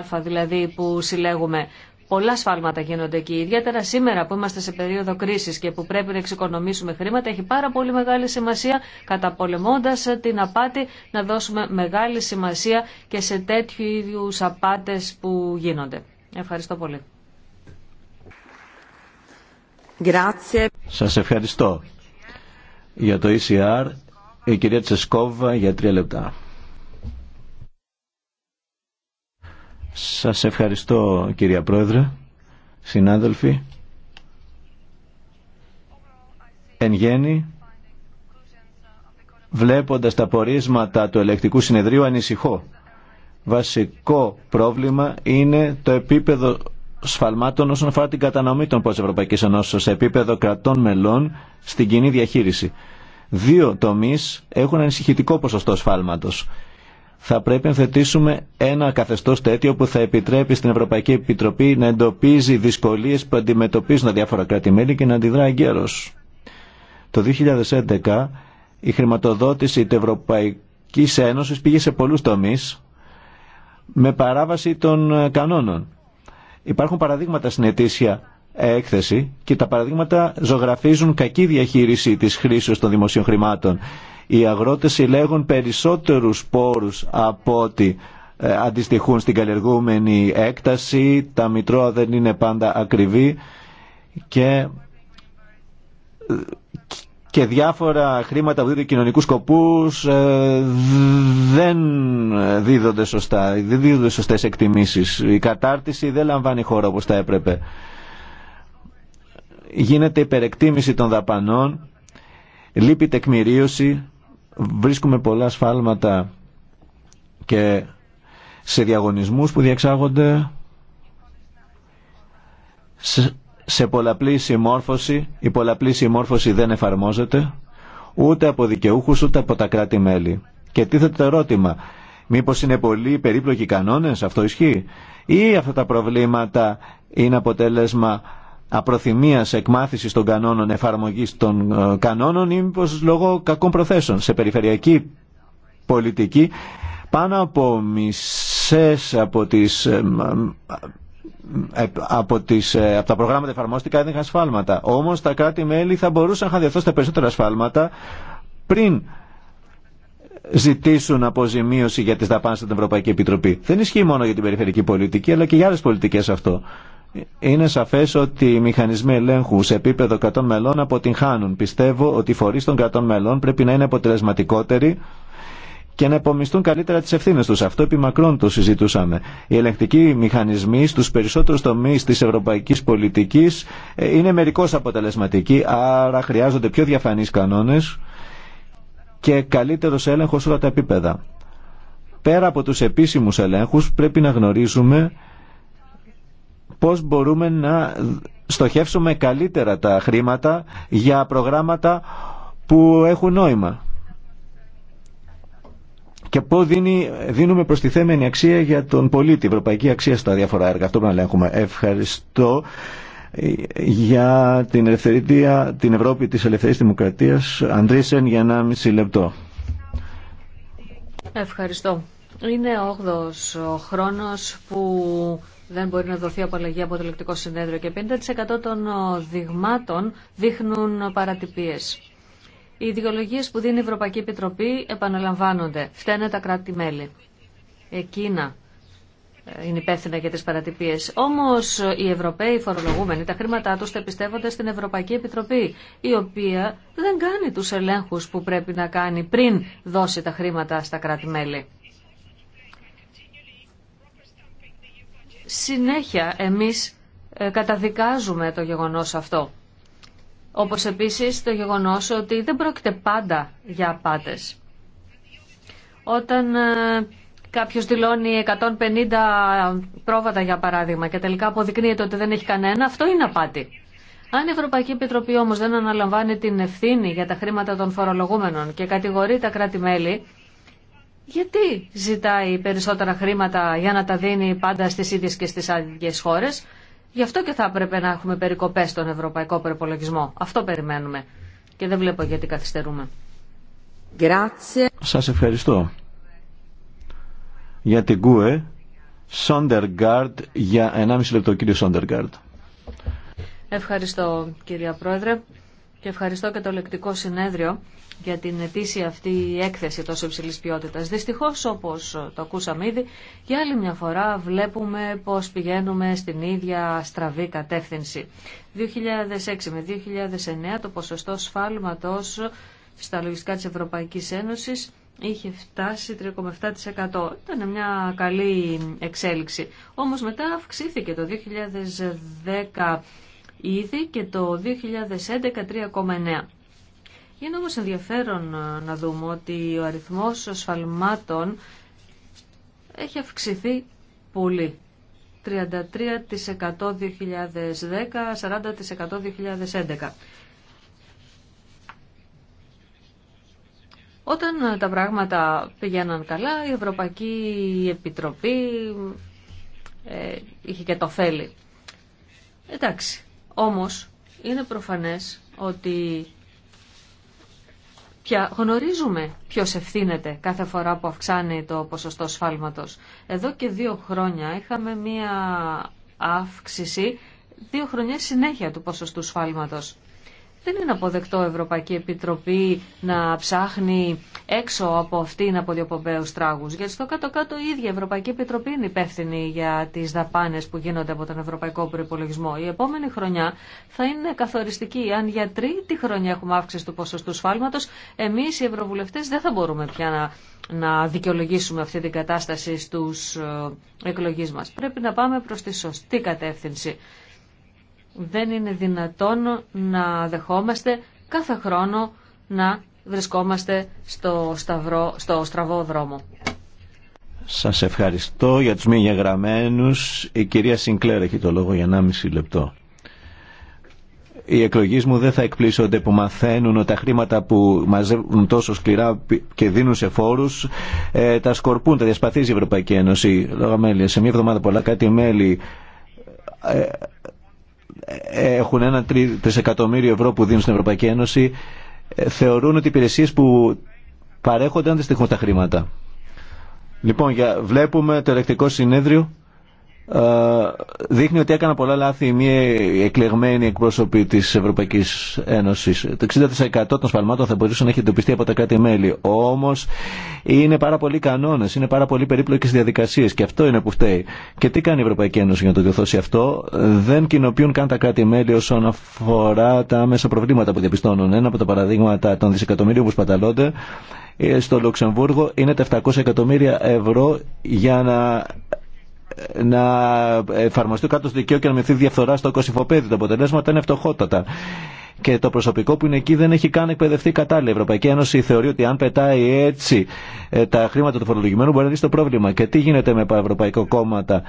ΦΠΑ δηλαδή που συλλέγουμε. Πολλά σφάλματα γίνονται εκεί. Ιδιαίτερα σήμερα που είμαστε σε περίοδο κρίση και που πρέπει να εξοικονομήσουμε χρήματα, έχει πάρα πολύ μεγάλη σημασία, καταπολεμώντα ε, την απάτη, να δώσουμε μεγάλη σημασία και σε τέτοιου είδου απάτε που γίνονται. Ευχαριστώ πολύ. Σας ευχαριστώ για το ECR η κυρία Τσεσκόβα για τρία λεπτά. Σας ευχαριστώ κυρία Πρόεδρε, συνάδελφοι. Εν γέννη, βλέποντας τα πορίσματα του ελεκτικού συνεδρίου ανησυχώ. Βασικό πρόβλημα είναι το επίπεδο σφαλμάτων όσον αφορά την κατανομή των πόρων τη Ευρωπαϊκή σε επίπεδο κρατών μελών στην κοινή διαχείριση. Δύο τομεί έχουν ανησυχητικό ποσοστό σφάλματο. Θα πρέπει να θετήσουμε ένα καθεστώ τέτοιο που θα επιτρέπει στην Ευρωπαϊκή Επιτροπή να εντοπίζει δυσκολίε που αντιμετωπίζουν τα διάφορα κράτη-μέλη και να αντιδρά εγκαίρω. Το 2011 η χρηματοδότηση τη Ευρωπαϊκή Ένωση πήγε σε πολλού τομεί με παράβαση των κανόνων Υπάρχουν παραδείγματα στην ετήσια έκθεση και τα παραδείγματα ζωγραφίζουν κακή διαχείριση της χρήσης των δημοσίων χρημάτων. Οι αγρότες συλλέγουν περισσότερους πόρους από ότι ε, αντιστοιχούν στην καλλιεργούμενη έκταση, τα μητρώα δεν είναι πάντα ακριβή και ε, και διάφορα χρήματα που δίνονται κοινωνικού σκοπού ε, δεν δίδονται σωστά, δεν δίδονται σωστέ εκτιμήσει. Η κατάρτιση δεν λαμβάνει χώρα όπω θα έπρεπε. Γίνεται υπερεκτίμηση των δαπανών, λείπει τεκμηρίωση, βρίσκουμε πολλά σφάλματα και σε διαγωνισμούς που διεξάγονται σε πολλαπλή συμμόρφωση, η πολλαπλή συμμόρφωση δεν εφαρμόζεται ούτε από δικαιούχους ούτε από τα κράτη-μέλη. Και τίθεται το ερώτημα, μήπως είναι πολύ περίπλοκοι κανόνες, αυτό ισχύει, ή αυτά τα προβλήματα είναι αποτέλεσμα απροθυμίας εκμάθησης των κανόνων, εφαρμογής των ε, κανόνων ή μήπως λόγω κακών προθέσεων. Σε περιφερειακή πολιτική πάνω από μισές από τις ε, ε, από, τις, ε, από τα προγράμματα εφαρμόστηκαν δεν είχαν σφάλματα. Όμως τα κράτη-μέλη θα μπορούσαν να διαθέσουν τα περισσότερα σφάλματα πριν ζητήσουν αποζημίωση για τις δαπάνες στην Ευρωπαϊκή Επιτροπή. Δεν ισχύει μόνο για την περιφερειακή πολιτική, αλλά και για άλλες πολιτικές αυτό. Είναι σαφές ότι οι μηχανισμοί ελέγχου σε επίπεδο κρατών μελών αποτυγχάνουν. Πιστεύω ότι οι φορεί των κρατών μελών πρέπει να είναι αποτελεσματικότεροι και να επομιστούν καλύτερα τι ευθύνε του. Αυτό επί μακρόν το συζητούσαμε. Οι ελεγκτικοί μηχανισμοί στου περισσότερου τομεί τη ευρωπαϊκή πολιτική ε, είναι μερικώ αποτελεσματικοί, άρα χρειάζονται πιο διαφανεί κανόνε και καλύτερο έλεγχο όλα τα επίπεδα. Πέρα από του επίσημου ελέγχου, πρέπει να γνωρίζουμε πώ μπορούμε να στοχεύσουμε καλύτερα τα χρήματα για προγράμματα που έχουν νόημα και πού δίνουμε προστιθέμενη αξία για τον πολίτη, ευρωπαϊκή αξία στα διάφορα έργα. Αυτό πρέπει να ελέγχουμε. Ευχαριστώ ε, για την, ελευθερία, την Ευρώπη της Ελευθερής Δημοκρατίας. Αντρίσεν για μισή λεπτό. Ευχαριστώ. Είναι 8 ο χρόνος που δεν μπορεί να δοθεί απαλλαγή από το ελεκτικό συνέδριο και 50% των δειγμάτων δείχνουν παρατυπίες. Οι ιδεολογίες που δίνει η Ευρωπαϊκή Επιτροπή επαναλαμβάνονται. Φταίνε τα κράτη-μέλη. Εκείνα ε, είναι υπεύθυνα για τις παρατυπίες. Όμως οι Ευρωπαίοι φορολογούμενοι τα χρήματά τους τα πιστεύονται στην Ευρωπαϊκή Επιτροπή, η οποία δεν κάνει τους ελέγχους που πρέπει να κάνει πριν δώσει τα χρήματα στα κράτη-μέλη. Συνέχεια εμείς ε, καταδικάζουμε το γεγονός αυτό. Όπως επίσης το γεγονός ότι δεν πρόκειται πάντα για απάτες. Όταν ε, κάποιος δηλώνει 150 πρόβατα για παράδειγμα και τελικά αποδεικνύεται ότι δεν έχει κανένα, αυτό είναι απάτη. Αν η Ευρωπαϊκή Επιτροπή όμως δεν αναλαμβάνει την ευθύνη για τα χρήματα των φορολογούμενων και κατηγορεί τα κράτη-μέλη, γιατί ζητάει περισσότερα χρήματα για να τα δίνει πάντα στις ίδιες και στις άδειες χώρες. Γι' αυτό και θα έπρεπε να έχουμε περικοπές στον ευρωπαϊκό προπολογισμό. Αυτό περιμένουμε. Και δεν βλέπω γιατί καθυστερούμε. Σας ευχαριστώ. Για την ΚΟΕ, Σόντεργαρντ, για 1,5 λεπτό κύριο Σόντεργαρντ. Ευχαριστώ κυρία Πρόεδρε. Και ευχαριστώ και το λεκτικό συνέδριο για την ετήσια αυτή η έκθεση τόσο υψηλής ποιότητας. Δυστυχώς, όπως το ακούσαμε ήδη, για άλλη μια φορά βλέπουμε πως πηγαίνουμε στην ίδια στραβή κατεύθυνση. 2006 με 2009 το ποσοστό σφάλματος στα λογιστικά της Ευρωπαϊκής Ένωσης είχε φτάσει 3,7%. Ήταν μια καλή εξέλιξη. Όμως μετά αυξήθηκε το 2010 ήδη και το 2011 3,9. Είναι όμως ενδιαφέρον ε, να δούμε ότι ο αριθμός ασφαλμάτων έχει αυξηθεί πολύ. 33% 2010, 40% 2011. Όταν ε, τα πράγματα πηγαίναν καλά, η Ευρωπαϊκή Επιτροπή ε, είχε και το θέλει. Εντάξει, όμως είναι προφανές ότι πια γνωρίζουμε ποιος ευθύνεται κάθε φορά που αυξάνει το ποσοστό σφάλματος. Εδώ και δύο χρόνια είχαμε μία αύξηση δύο χρόνια συνέχεια του ποσοστού σφάλματος. Δεν είναι αποδεκτό η Ευρωπαϊκή Επιτροπή να ψάχνει έξω από αυτήν από διοπομπαίους τράγους. Γιατί στο κάτω-κάτω η ίδια η Ευρωπαϊκή Επιτροπή είναι υπεύθυνη για τις δαπάνες που γίνονται από τον Ευρωπαϊκό Προπολογισμό. Η επόμενη χρονιά θα είναι καθοριστική. Αν για τρίτη χρονιά έχουμε αύξηση του ποσοστού σφάλματος, εμείς οι Ευρωβουλευτές δεν θα μπορούμε πια να να δικαιολογήσουμε αυτή την κατάσταση στους ε, εκλογείς μας. Πρέπει να πάμε προς τη σωστή κατεύθυνση. Δεν είναι δυνατόν να δεχόμαστε κάθε χρόνο να βρισκόμαστε στο, σταυρό, στο στραβό δρόμο. Σας ευχαριστώ για τους μη γεγραμμένους. Η κυρία Σινκλέρ έχει το λόγο για 1,5 λεπτό. Οι εκλογέ μου δεν θα εκπλήσονται που μαθαίνουν ότι τα χρήματα που μαζεύουν τόσο σκληρά και δίνουν σε φόρου ε, τα σκορπούν, τα διασπαθίζει η Ευρωπαϊκή Ένωση. Σε μια εβδομάδα πολλά κάτι μέλη ε, έχουν ένα τρισεκατομμύριο ευρώ που δίνουν στην Ευρωπαϊκή Ένωση ε, θεωρούν ότι οι υπηρεσίε που παρέχονται αντιστοιχούν τα χρήματα. Λοιπόν, για, βλέπουμε το ελεκτικό συνέδριο ε, δείχνει ότι έκανα πολλά λάθη μια εκλεγμένη εκπρόσωπη τη Ευρωπαϊκή Ένωση. Το 60% των σπαλμάτων θα μπορούσαν να έχει εντοπιστεί από τα κράτη-μέλη. Όμω είναι πάρα πολλοί κανόνε, είναι πάρα πολλοί περίπλοκε διαδικασίε και αυτό είναι που φταίει. Και τι κάνει η Ευρωπαϊκή Ένωση για να το διορθώσει αυτό. Δεν κοινοποιούν καν τα κράτη-μέλη όσον αφορά τα άμεσα προβλήματα που διαπιστώνουν. Ένα από τα παραδείγματα των δισεκατομμυρίων που σπαταλώνται ε, στο Λουξεμβούργο είναι τα 700 εκατομμύρια ευρώ για να να εφαρμοστεί κάτω στο δικαίωμα και να μειωθεί διαφθορά στο κοσυφοπέδι. Τα αποτελέσματα είναι φτωχότατα. Και το προσωπικό που είναι εκεί δεν έχει καν εκπαιδευτεί κατάλληλα. Η Ευρωπαϊκή Ένωση θεωρεί ότι αν πετάει έτσι ε, τα χρήματα του φορολογημένου μπορεί να λύσει το πρόβλημα. Και τι γίνεται με ευρωπαϊκό κόμματα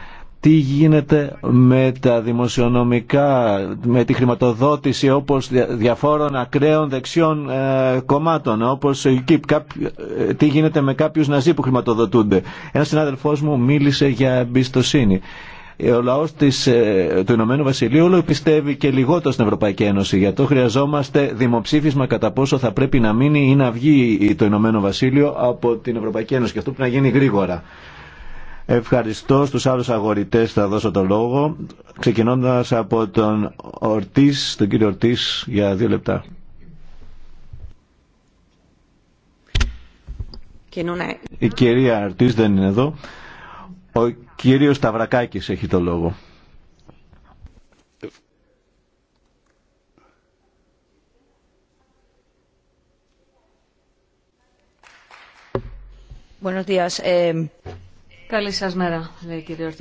τι γίνεται με τα δημοσιονομικά, με τη χρηματοδότηση όπως διαφόρων ακραίων δεξιών ε, κομμάτων, όπως κάποι, ε, τι γίνεται με κάποιους ναζί που χρηματοδοτούνται. Ένας συνάδελφός μου μίλησε για εμπιστοσύνη. Ε, ο λαός της, ε, του Ηνωμένου Βασιλείου όλο πιστεύει και λιγότερο στην Ευρωπαϊκή Ένωση. Γι' αυτό χρειαζόμαστε δημοψήφισμα κατά πόσο θα πρέπει να μείνει ή να βγει το Ηνωμένο Βασίλειο από την Ευρωπαϊκή Ένωση. Και αυτό πρέπει να γίνει γρήγορα. Ευχαριστώ στους άλλους αγορητές θα δώσω το λόγο, ξεκινώντας από τον Ορτής, τον κύριο Ορτής, για δύο λεπτά. Η κυρία Ορτής δεν είναι εδώ. Ο κύριος Σταυρακάκης έχει το λόγο. Buenos ε, Καλή σας μέρα, κύριε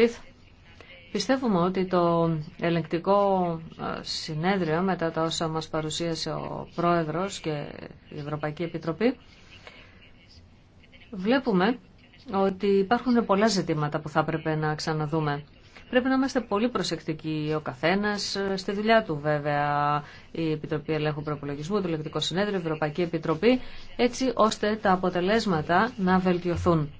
Πιστεύουμε ότι το ελεγκτικό ε, συνέδριο μετά τα όσα μας παρουσίασε ο Πρόεδρος και η Ευρωπαϊκή Επιτροπή βλέπουμε ότι υπάρχουν πολλά ζητήματα που θα έπρεπε να ξαναδούμε. Πρέπει να είμαστε πολύ προσεκτικοί ο καθένας ε, στη δουλειά του, βέβαια, η Επιτροπή Ελέγχου Προπολογισμού, το Ελεγκτικό Συνέδριο, η Ευρωπαϊκή Επιτροπή, έτσι ώστε τα αποτελέσματα να βελτιωθούν.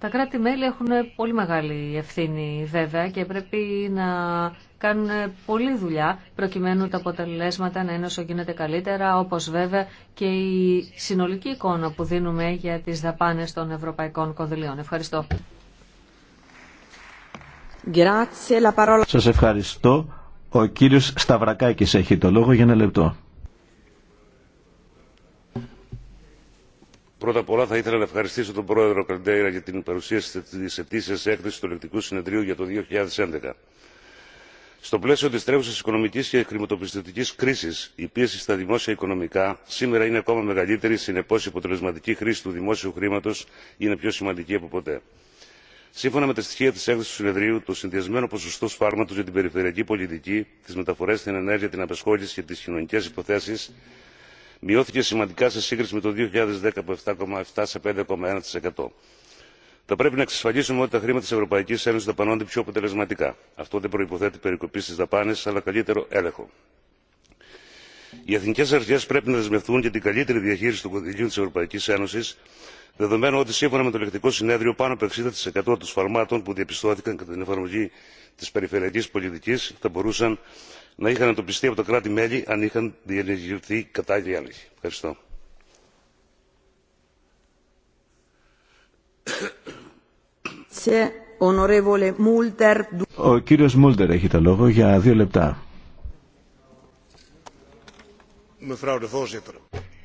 Τα κράτη-μέλη έχουν πολύ μεγάλη ευθύνη βέβαια και πρέπει να κάνουν πολλή δουλειά προκειμένου τα αποτελέσματα να είναι όσο γίνεται καλύτερα, όπως βέβαια και η συνολική εικόνα που δίνουμε για τις δαπάνες των ευρωπαϊκών κονδυλίων. Ευχαριστώ. Σας ευχαριστώ. Ο κύριος Σταυρακάκης έχει το λόγο για ένα λεπτό. Πρώτα απ' όλα θα ήθελα να ευχαριστήσω τον πρόεδρο Καλντέιρα για την παρουσίαση τη ετήσια έκθεση του Ελεκτικού Συνεδρίου για το 2011. Στο πλαίσιο τη τρέχουσα οικονομική και χρηματοπιστωτική κρίση, η πίεση στα δημόσια οικονομικά σήμερα είναι ακόμα μεγαλύτερη, συνεπώ η αποτελεσματική χρήση του δημόσιου χρήματο είναι πιο σημαντική από ποτέ. Σύμφωνα με τα στοιχεία τη έκθεση του Συνεδρίου, το συνδυασμένο ποσοστό σφάλματο για την περιφερειακή πολιτική, τι μεταφορέ, στην ενέργεια, την απασχόληση και τι κοινωνικέ υποθέσει μειώθηκε σημαντικά σε σύγκριση με το 2010 από 7,7 σε 5,1%. Θα πρέπει να εξασφαλίσουμε ότι τα χρήματα τη Ευρωπαϊκή Ένωση δαπανώνται πιο αποτελεσματικά. Αυτό δεν προποθέτει περικοπή στι δαπάνε, αλλά καλύτερο έλεγχο. Οι εθνικέ αρχέ πρέπει να δεσμευτούν για την καλύτερη διαχείριση του κονδυλίου τη Ευρωπαϊκή Ένωση, δεδομένου ότι σύμφωνα με το ελεκτικό συνέδριο πάνω από 60% των σφαλμάτων που διαπιστώθηκαν κατά την εφαρμογή τη περιφερειακή πολιτική θα μπορούσαν να είχαν εντοπιστεί από τα κράτη μέλη αν είχαν διενεργηθεί κατάλληλοι έλεγχοι. Ευχαριστώ. Ο κύριος Μούλτερ έχει το λόγο για δύο λεπτά.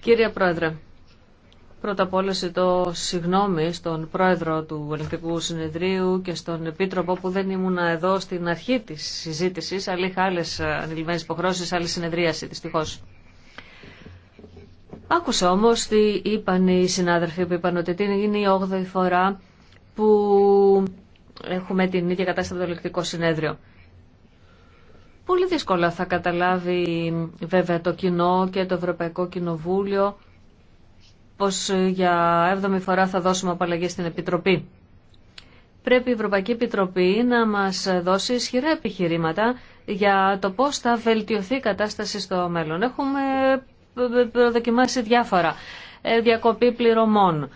Κύριε Πρόεδρε, Πρώτα απ' όλα ζητώ συγγνώμη στον πρόεδρο του Ολυμπιακού Συνεδρίου και στον επίτροπο που δεν ήμουν εδώ στην αρχή της συζήτησης, αλλά είχα άλλες ε, ανηλυμένες υποχρώσεις, άλλη συνεδρίαση δυστυχώς. Άκουσα όμως τι είπαν οι συνάδελφοι που είπαν ότι είναι η 8η φορά που έχουμε την ίδια κατάσταση με το ελεκτικό συνέδριο. Πολύ δύσκολα θα καταλάβει βέβαια το κοινό και το Ευρωπαϊκό Κοινοβούλιο πως ε, για έβδομη φορά θα δώσουμε απαλλαγή στην Επιτροπή. Πρέπει η Ευρωπαϊκή Επιτροπή να μας δώσει ισχυρά επιχειρήματα για το πώς θα βελτιωθεί η κατάσταση στο μέλλον. Έχουμε ε, ε, δοκιμάσει διάφορα. Διακοπή πληρωμών,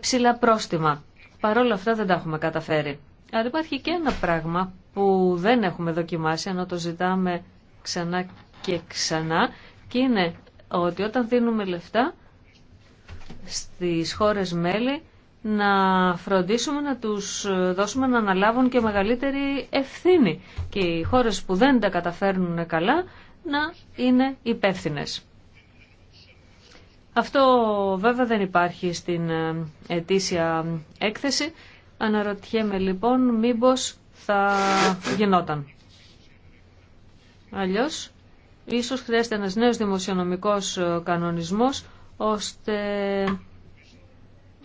ψηλά πρόστιμα. Παρόλα αυτά δεν τα έχουμε καταφέρει. Αλλά υπάρχει και ένα πράγμα που δεν έχουμε δοκιμάσει, ενώ το ζητάμε ξανά και ξανά, και είναι ότι όταν δίνουμε λεφτά στις χώρες μέλη να φροντίσουμε να τους δώσουμε να αναλάβουν και μεγαλύτερη ευθύνη και οι χώρες που δεν τα καταφέρνουν καλά να είναι υπεύθυνε. Αυτό βέβαια δεν υπάρχει στην ε, ετήσια έκθεση. Αναρωτιέμαι λοιπόν μήπως θα γινόταν. Αλλιώς, ίσως χρειάζεται ένας νέος δημοσιονομικός ε, κανονισμός ώστε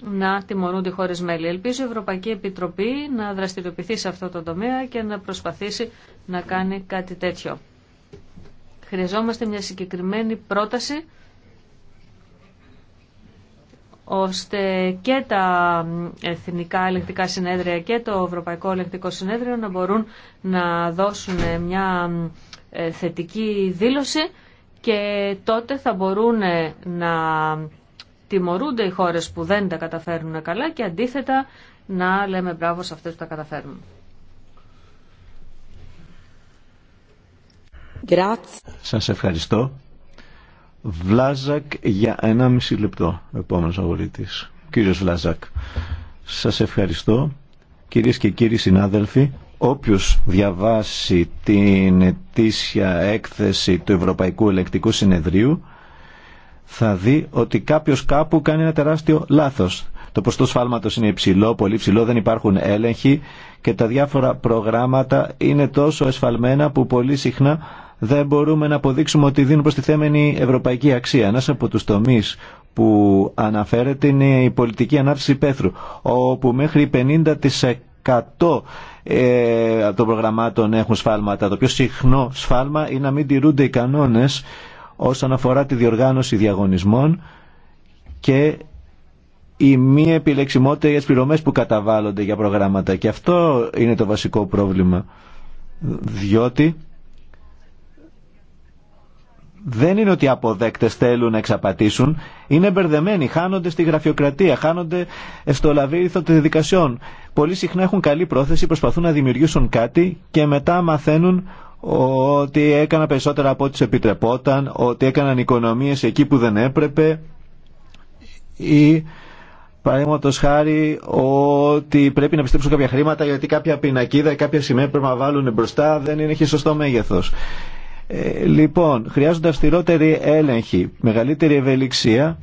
να τιμωρούνται οι χώρες μέλη. Ελπίζω η Ευρωπαϊκή Επιτροπή να δραστηριοποιηθεί σε αυτό το τομέα και να προσπαθήσει να κάνει κάτι τέτοιο. Χρειαζόμαστε μια συγκεκριμένη πρόταση ώστε και τα εθνικά ελεκτικά συνέδρια και το Ευρωπαϊκό Ελεκτικό Συνέδριο να μπορούν να δώσουν μια ε, θετική δήλωση και τότε θα μπορούν να τιμωρούνται οι χώρες που δεν τα καταφέρνουν καλά και αντίθετα να λέμε μπράβο σε αυτές που τα καταφέρνουν. Σας ευχαριστώ. Βλάζακ για 1,5 λεπτό. Επόμενος αγωρίτης. Κύριος Βλάζακ. Σας ευχαριστώ. Κυρίες και κύριοι συνάδελφοι, Όποιος διαβάσει την ετήσια έκθεση του Ευρωπαϊκού Ελεκτικού Συνεδρίου θα δει ότι κάποιος κάπου κάνει ένα τεράστιο λάθος. Το ποστό σφάλματος είναι υψηλό, πολύ ψηλό δεν υπάρχουν έλεγχοι και τα διάφορα προγράμματα είναι τόσο εσφαλμένα που πολύ συχνά δεν μπορούμε να αποδείξουμε ότι δίνουν προστιθέμενη ευρωπαϊκή αξία. Ένας από τους τομείς που αναφέρεται είναι η πολιτική ανάπτυξη πέθρου, όπου μέχρι 50% ε, των προγραμμάτων έχουν σφάλματα. Το πιο συχνό σφάλμα είναι να μην τηρούνται οι κανόνες όσον αφορά τη διοργάνωση διαγωνισμών και η μη επιλεξιμότητα για τις πληρωμές που καταβάλλονται για προγράμματα. Και αυτό είναι το βασικό πρόβλημα. Διότι δεν είναι ότι οι αποδέκτες θέλουν να εξαπατήσουν, είναι μπερδεμένοι, χάνονται στη γραφειοκρατία, χάνονται στο λαβύριθο των δικασιών. Πολύ συχνά έχουν καλή πρόθεση, προσπαθούν να δημιουργήσουν κάτι και μετά μαθαίνουν ότι έκαναν περισσότερα από ό,τι επιτρεπόταν, ότι έκαναν οικονομίες εκεί που δεν έπρεπε ή παραδείγματο χάρη ότι πρέπει να πιστέψουν κάποια χρήματα γιατί κάποια πινακίδα ή κάποια σημαία πρέπει να βάλουν μπροστά δεν είναι, έχει σωστό μέγεθο. Ε, λοιπόν, χρειάζονται αυστηρότερη έλεγχη, μεγαλύτερη ευελιξία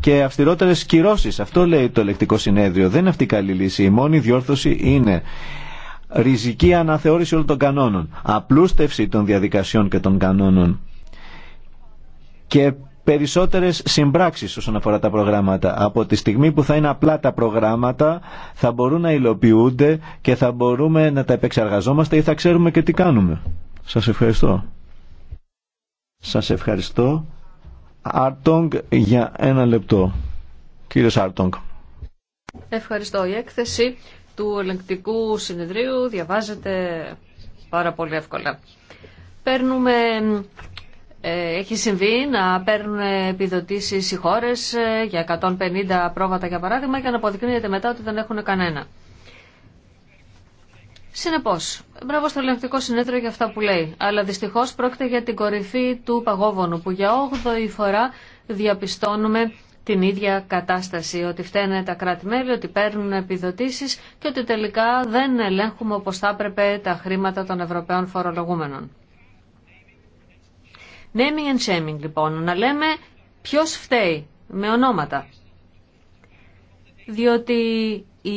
και αυστηρότερε κυρώσει. Αυτό λέει το ελεκτικό συνέδριο. Δεν είναι αυτή η καλή λύση. Η μόνη διόρθωση είναι ριζική αναθεώρηση όλων των κανόνων, απλούστευση των διαδικασιών και των κανόνων και περισσότερες συμπράξεις όσον αφορά τα προγράμματα. Από τη στιγμή που θα είναι απλά τα προγράμματα θα μπορούν να υλοποιούνται και θα μπορούμε να τα επεξεργαζόμαστε ή θα ξέρουμε και τι κάνουμε. Σας ευχαριστώ. Σας ευχαριστώ. Άρτογκ για ένα λεπτό. Κύριος Άρτογκ. Ευχαριστώ. Η έκθεση του ελεγκτικού συνεδρίου διαβάζεται πάρα πολύ εύκολα. Παίρνουμε, ε, έχει συμβεί να παίρνουν επιδοτήσεις οι χώρες ε, για 150 πρόβατα για παράδειγμα και να αποδεικνύεται μετά ότι δεν έχουν κανένα. Συνεπώ, μπράβο στο ελεγκτικό συνέδριο για αυτά που λέει. Αλλά δυστυχώ πρόκειται για την κορυφή του παγόβονου που για 8η φορά διαπιστώνουμε την ίδια κατάσταση. Ότι φταίνε τα κράτη-μέλη, ότι παίρνουν επιδοτήσει και ότι τελικά δεν ελέγχουμε όπω θα έπρεπε τα χρήματα των Ευρωπαίων φορολογούμενων. Naming and shaming λοιπόν. Να λέμε ποιο φταίει με ονόματα. Διότι η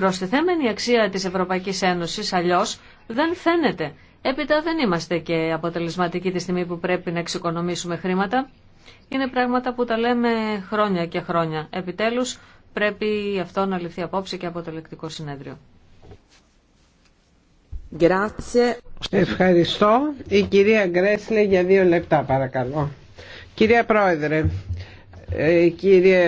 προστιθέμενη αξία της Ευρωπαϊκής Ένωσης αλλιώς δεν φαίνεται. Έπειτα δεν είμαστε και αποτελεσματικοί τη στιγμή που πρέπει να εξοικονομήσουμε χρήματα. Είναι πράγματα που τα λέμε χρόνια και χρόνια. Επιτέλους πρέπει αυτό να ληφθεί απόψη και από το λεκτικό συνέδριο. Ευχαριστώ. Η κυρία Γκρέσλε για δύο λεπτά παρακαλώ. Κυρία Πρόεδρε, ε, κύριε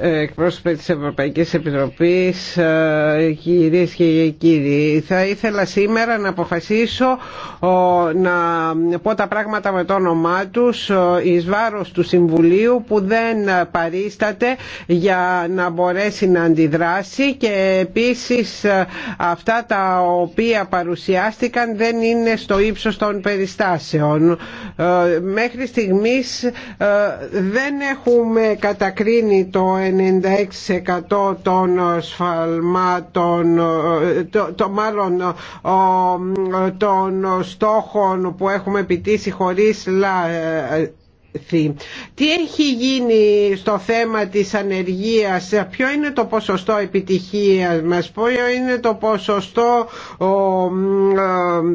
ε, εκπρόσωπε της Ευρωπαϊκής Επιτροπής, ε, κυρίε και κύριοι, θα ήθελα σήμερα να αποφασίσω να πω τα πράγματα με το όνομά τους εις βάρος του Συμβουλίου που δεν παρίσταται για να μπορέσει να αντιδράσει και επίσης αυτά τα οποία παρουσιάστηκαν δεν είναι στο ύψος των περιστάσεων. Μέχρι στιγμής δεν έχουμε κατακρίνει το 96% των σφαλμάτων, το, το μάλλον των στόχων που έχουμε επιτύσσει χωρίς λα, τι έχει γίνει στο θέμα της ανεργίας, ποιο είναι το ποσοστό επιτυχίας μας, ποιο είναι το ποσοστό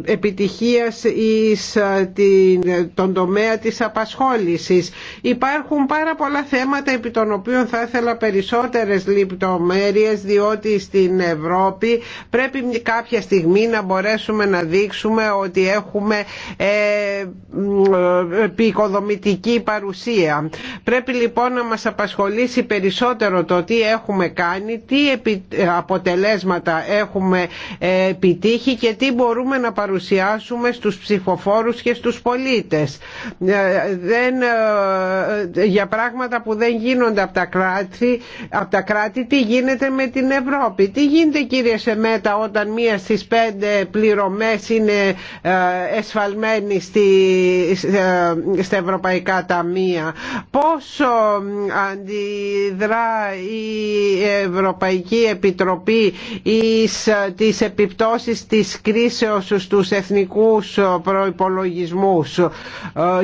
επιτυχίας εις τον τομέα της απασχόλησης. Υπάρχουν πάρα πολλά θέματα επί των οποίων θα ήθελα περισσότερες λεπτομέρειες διότι στην Ευρώπη πρέπει κάποια στιγμή να μπορέσουμε να δείξουμε ότι έχουμε ε, ε, επικοδομητική η παρουσία. Πρέπει λοιπόν να μας απασχολήσει περισσότερο το τι έχουμε κάνει, τι αποτελέσματα έχουμε ε, επιτύχει και τι μπορούμε να παρουσιάσουμε στους ψηφοφόρους και στους πολίτες. Ε, δεν, ε, για πράγματα που δεν γίνονται από τα κράτη, τι γίνεται με την Ευρώπη. Τι γίνεται κύριε Σεμέτα όταν μία στις πέντε πληρωμές είναι εσφαλμένη στη, στα ευρωπαϊκά ταμεία πόσο αντιδρά η Ευρωπαϊκή Επιτροπή εις ε, τις επιπτώσεις της κρίσεως στους εθνικούς προϋπολογισμούς ε,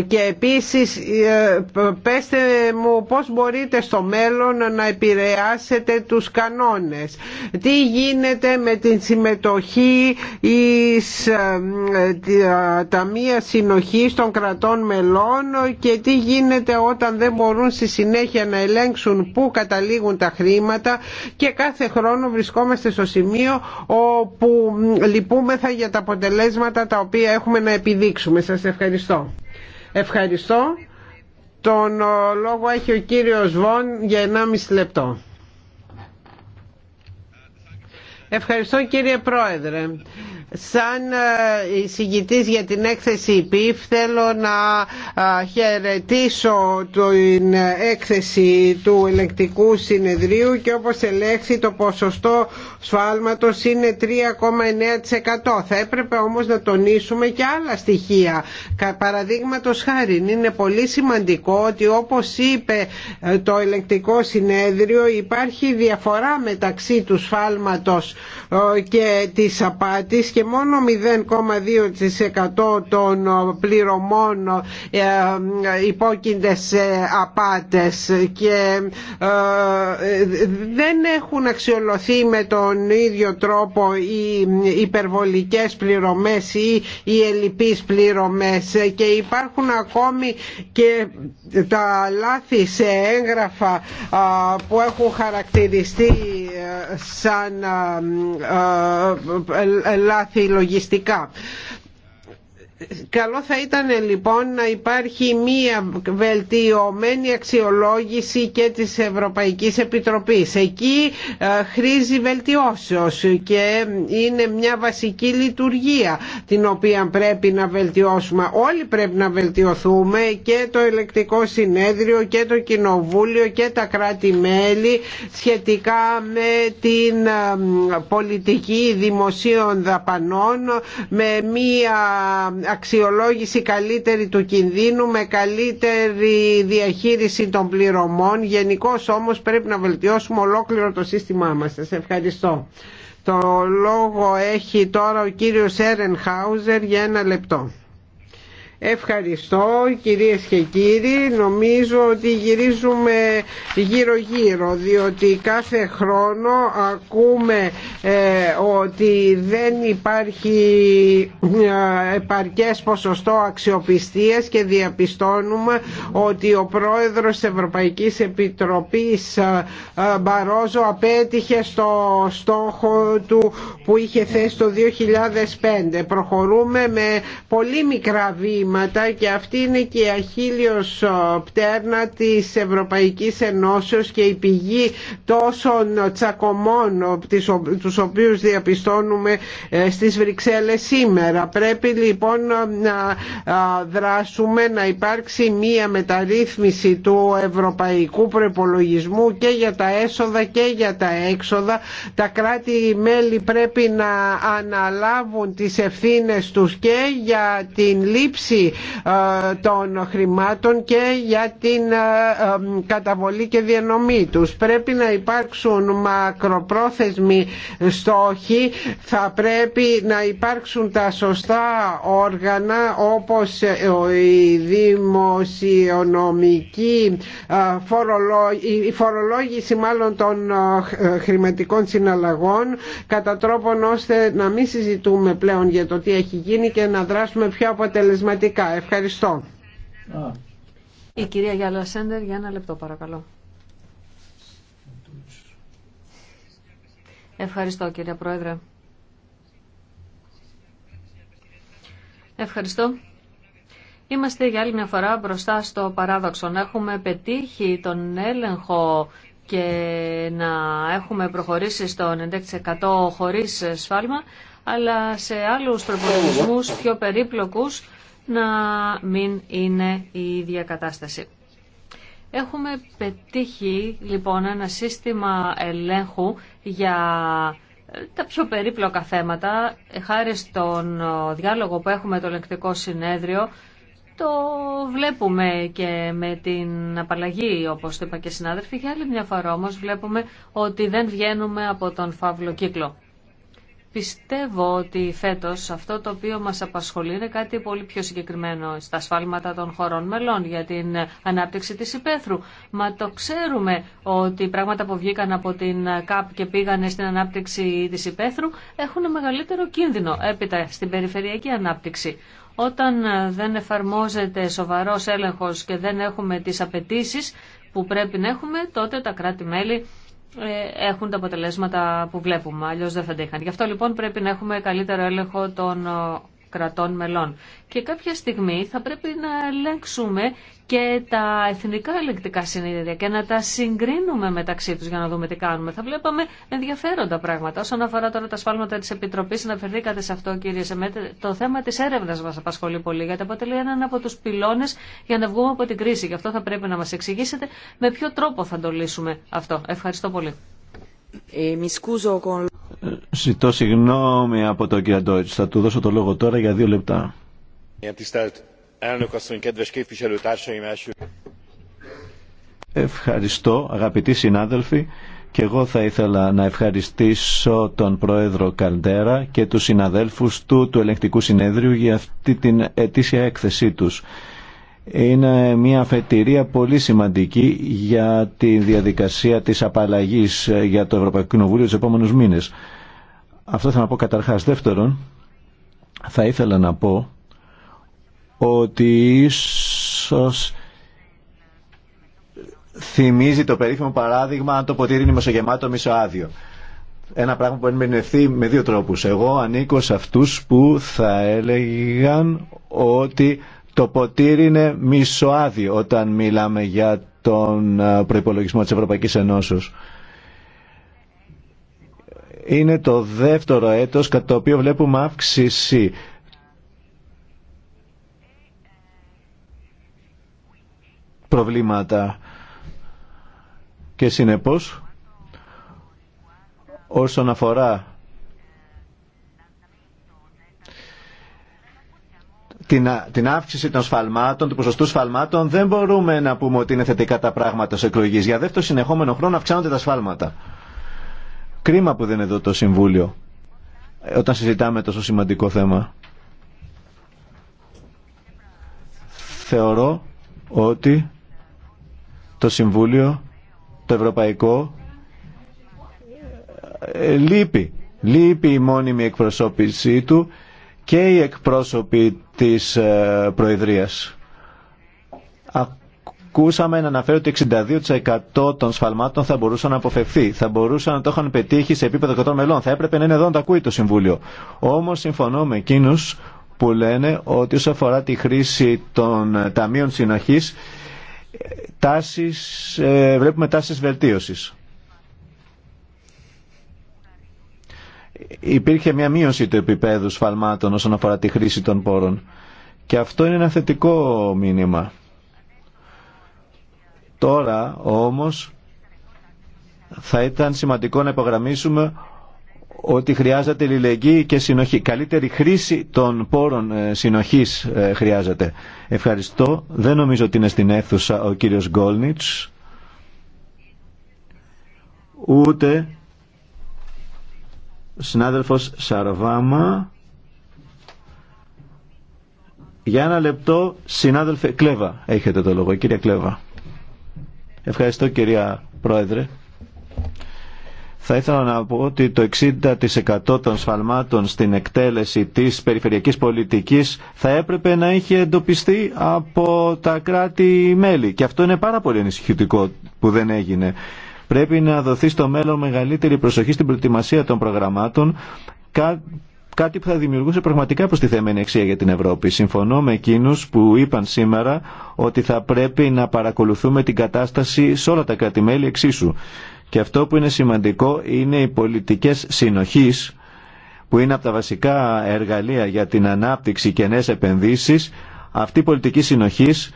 και επίσης ε, πέστε μου πώς μπορείτε στο μέλλον να επηρεάσετε τους κανόνες τι γίνεται με την συμμετοχή εις ταμεία συνοχής των κρατών μελών και τι γίνεται όταν δεν μπορούν στη συνέχεια να ελέγξουν πού καταλήγουν τα χρήματα και κάθε χρόνο βρισκόμαστε στο σημείο όπου λυπούμεθα για τα αποτελέσματα τα οποία έχουμε να επιδείξουμε. Σας ευχαριστώ. Ευχαριστώ. Τον λόγο έχει ο κύριος Βον για 1,5 λεπτό. Ευχαριστώ κύριε Πρόεδρε. Σαν ε, εισηγητής για την έκθεση ΠΙΦ θέλω να χαιρετήσω την έκθεση του ελεκτικού συνεδρίου και όπως ελέγχθη το ποσοστό σφάλματος είναι 3,9%. Θα έπρεπε όμως να τονίσουμε και άλλα στοιχεία. Παραδείγματος χάρη είναι πολύ σημαντικό ότι όπως είπε ε, το ελεκτικό συνέδριο υπάρχει διαφορά μεταξύ του σφάλματος ε, και της απάτης και μόνο 0,2% των πληρωμών ε, υπόκεινται σε απάτες και ε, δεν έχουν αξιολωθεί με τον ίδιο τρόπο οι υπερβολικές πληρωμές ή οι ελλειπείς πληρωμές και υπάρχουν ακόμη και τα λάθη σε έγγραφα που έχουν χαρακτηριστεί ε, σαν λάθη λογιστικά. Καλό θα ήταν λοιπόν να υπάρχει μία βελτιωμένη αξιολόγηση και της Ευρωπαϊκής Επιτροπής. Εκεί ε, χρήζει βελτιώσεως και είναι μια βασική λειτουργία την οποία πρέπει να βελτιώσουμε. Όλοι πρέπει να βελτιωθούμε και το ελεκτικό συνέδριο και το κοινοβούλιο και τα κράτη-μέλη σχετικά με την ε, πολιτική δημοσίων δαπανών με μία αξιολόγηση καλύτερη του κινδύνου, με καλύτερη διαχείριση των πληρωμών. Γενικώ όμως πρέπει να βελτιώσουμε ολόκληρο το σύστημά μας. Σας ευχαριστώ. Το λόγο έχει τώρα ο κύριος Έρενχάουζερ για ένα λεπτό. Ευχαριστώ κυρίες και κύριοι. Νομίζω ότι γυρίζουμε γύρω-γύρω διότι κάθε χρόνο ακούμε ε, ότι δεν υπάρχει ε, επαρκές ποσοστό αξιοπιστίας και διαπιστώνουμε ότι ο πρόεδρος της Ευρωπαϊκής Επιτροπής ε, Μπαρόζο απέτυχε στο στόχο του που είχε θέσει το 2005. Προχωρούμε με πολύ μικρά βήματα και αυτή είναι και η αχίλιος πτέρνα της Ευρωπαϊκής Ενώσεως και η πηγή τόσων τσακωμών τους οποίους διαπιστώνουμε ε, στις Βρυξέλλες σήμερα. Πρέπει λοιπόν να δράσουμε να υπάρξει μία μεταρρύθμιση του ευρωπαϊκού προπολογισμού και για τα έσοδα και για τα έξοδα. Τα κράτη-μέλη πρέπει να αναλάβουν τις ευθύνες τους και για την λήψη ε, των χρημάτων και για την ε, ε, καταβολή και διανομή τους. Πρέπει να υπάρξουν μακροπρόθεσμοι στόχοι, θα πρέπει να υπάρξουν τα σωστά όργανα όπως η δημοσιονομική η φορολόγηση μάλλον των χρηματικών συναλλαγών κατά τρόπον ώστε να μην συζητούμε πλέον για το τι έχει γίνει και να δράσουμε πιο αποτελεσματικά Ευχαριστώ. Η κυρία Γιάλα Σέντερ για ένα λεπτό παρακαλώ. Ευχαριστώ κύριε Πρόεδρε. Ευχαριστώ. Είμαστε για άλλη μια φορά μπροστά στο παράδοξο να έχουμε πετύχει τον έλεγχο και να έχουμε προχωρήσει στο 90% χωρίς σφάλμα, αλλά σε άλλους προπολογισμούς πιο περίπλοκους να μην είναι η ίδια κατάσταση. Έχουμε πετύχει λοιπόν ένα σύστημα ελέγχου για ε, τα πιο περίπλοκα θέματα, χάρη στον ε, διάλογο που έχουμε το Ελεκτικό συνέδριο, το βλέπουμε και με την απαλλαγή, όπως το είπα και συνάδελφοι, για άλλη μια φορά όμως βλέπουμε ότι δεν βγαίνουμε από τον φαύλο κύκλο. Πιστεύω ότι φέτος αυτό το οποίο μας απασχολεί είναι κάτι πολύ πιο συγκεκριμένο στα σφάλματα των χωρών μελών για την ανάπτυξη της υπαίθρου. Μα το ξέρουμε ότι πράγματα που βγήκαν από την ΚΑΠ και πήγανε στην ανάπτυξη της υπαίθρου έχουν μεγαλύτερο κίνδυνο έπειτα στην περιφερειακή ανάπτυξη. Όταν δεν εφαρμόζεται σοβαρός έλεγχος και δεν έχουμε τις απαιτήσει που πρέπει να έχουμε, τότε τα κράτη-μέλη ε, έχουν τα αποτελέσματα που βλέπουμε, αλλιώς δεν θα τα είχαν. Γι' αυτό λοιπόν πρέπει να έχουμε καλύτερο έλεγχο των κρατών μελών. Και κάποια στιγμή θα πρέπει να ελέγξουμε και τα εθνικά ελεγκτικά συνέδρια και να τα συγκρίνουμε μεταξύ τους για να δούμε τι κάνουμε. Θα βλέπαμε ενδιαφέροντα πράγματα. Όσον αφορά τώρα τα σφάλματα της Επιτροπής, αναφερθήκατε σε αυτό κύριε Σεμέτε, το θέμα της έρευνας μας απασχολεί πολύ γιατί αποτελεί έναν από τους πυλώνες για να βγούμε από την κρίση. Γι' αυτό θα πρέπει να μας εξηγήσετε με ποιο τρόπο θα το λύσουμε αυτό. Ευχαριστώ πολύ. Ε, Ζητώ συγγνώμη από τον κύριο Ντόιτ. Θα του δώσω το λόγο τώρα για δύο λεπτά. Ευχαριστώ αγαπητοί συνάδελφοι και εγώ θα ήθελα να ευχαριστήσω τον Πρόεδρο Καλντέρα και τους συναδέλφους του του Ελεγκτικού Συνέδριου για αυτή την ετήσια έκθεσή τους είναι μια αφετηρία πολύ σημαντική για τη διαδικασία της απαλλαγής ε, για το Ευρωπαϊκό Κοινοβούλιο τους επόμενους μήνες. Αυτό θα να πω καταρχάς. Δεύτερον, θα ήθελα να πω ότι ίσως θυμίζει το περίφημο παράδειγμα αν το ποτήρι είναι μεσογεμάτο μισοάδιο. Ένα πράγμα που ενημερωθεί με δύο τρόπους. Εγώ ανήκω σε αυτούς που θα έλεγαν ότι το ποτήρι είναι μισοάδιο όταν μιλάμε για τον ε, προϋπολογισμό της Ευρωπαϊκής Ενώσεως. Είναι το δεύτερο έτος κατά το οποίο βλέπουμε αύξηση προβλήματα και συνεπώς όσον αφορά την, την αύξηση των σφαλμάτων, του ποσοστού σφαλμάτων, δεν μπορούμε να πούμε ότι είναι θετικά τα πράγματα σε εκλογή. Για δεύτερο συνεχόμενο χρόνο αυξάνονται τα σφάλματα. Κρίμα που δεν είναι εδώ το Συμβούλιο ε, όταν συζητάμε τόσο σημαντικό θέμα. Θεωρώ ότι το Συμβούλιο, το Ευρωπαϊκό, ε, λείπει. Λείπει η μόνιμη εκπροσώπησή του και οι εκπρόσωποι της ε, Προεδρίας. Ακούσαμε να αναφέρω ότι 62% των σφαλμάτων θα μπορούσαν να αποφευθεί. Θα μπορούσαν να το είχαν πετύχει σε επίπεδο 100 μελών. Θα έπρεπε να είναι εδώ να το ακούει το Συμβούλιο. Όμως συμφωνώ με εκείνους που λένε ότι όσο αφορά τη χρήση των ε, ταμείων συνοχής, τάσεις, ε, βλέπουμε τάσεις βελτίωσης. υπήρχε μια μείωση του επίπεδου σφαλμάτων όσον αφορά τη χρήση των πόρων. Και αυτό είναι ένα θετικό μήνυμα. Τώρα όμως θα ήταν σημαντικό να υπογραμμίσουμε ότι χρειάζεται λιλεγγύη και συνοχή. Καλύτερη χρήση των πόρων ε, συνοχής ε, χρειάζεται. Ευχαριστώ. Δεν νομίζω ότι είναι στην αίθουσα ο κύριος Γκόλνιτς. Ούτε συνάδελφος Σαρβάμα. Για ένα λεπτό, συνάδελφε Κλέβα, έχετε το λόγο, κυρία Κλέβα. Ευχαριστώ κυρία Πρόεδρε. Θα ήθελα να πω ότι το 60% των σφαλμάτων στην εκτέλεση της περιφερειακής πολιτικής θα έπρεπε να είχε εντοπιστεί από τα κράτη-μέλη. Και αυτό είναι πάρα πολύ ενισχυτικό που δεν έγινε. Πρέπει να δοθεί στο μέλλον μεγαλύτερη προσοχή στην προετοιμασία των προγραμμάτων, κάτι που θα δημιουργούσε πραγματικά προστιθέμενη αξία για την Ευρώπη. Συμφωνώ με εκείνου που είπαν σήμερα ότι θα πρέπει να παρακολουθούμε την κατάσταση σε όλα τα κράτη-μέλη εξίσου. Και αυτό που είναι σημαντικό είναι οι πολιτικέ συνοχή που είναι από τα βασικά εργαλεία για την ανάπτυξη και νέες επενδύσεις. Αυτή η πολιτική συνοχής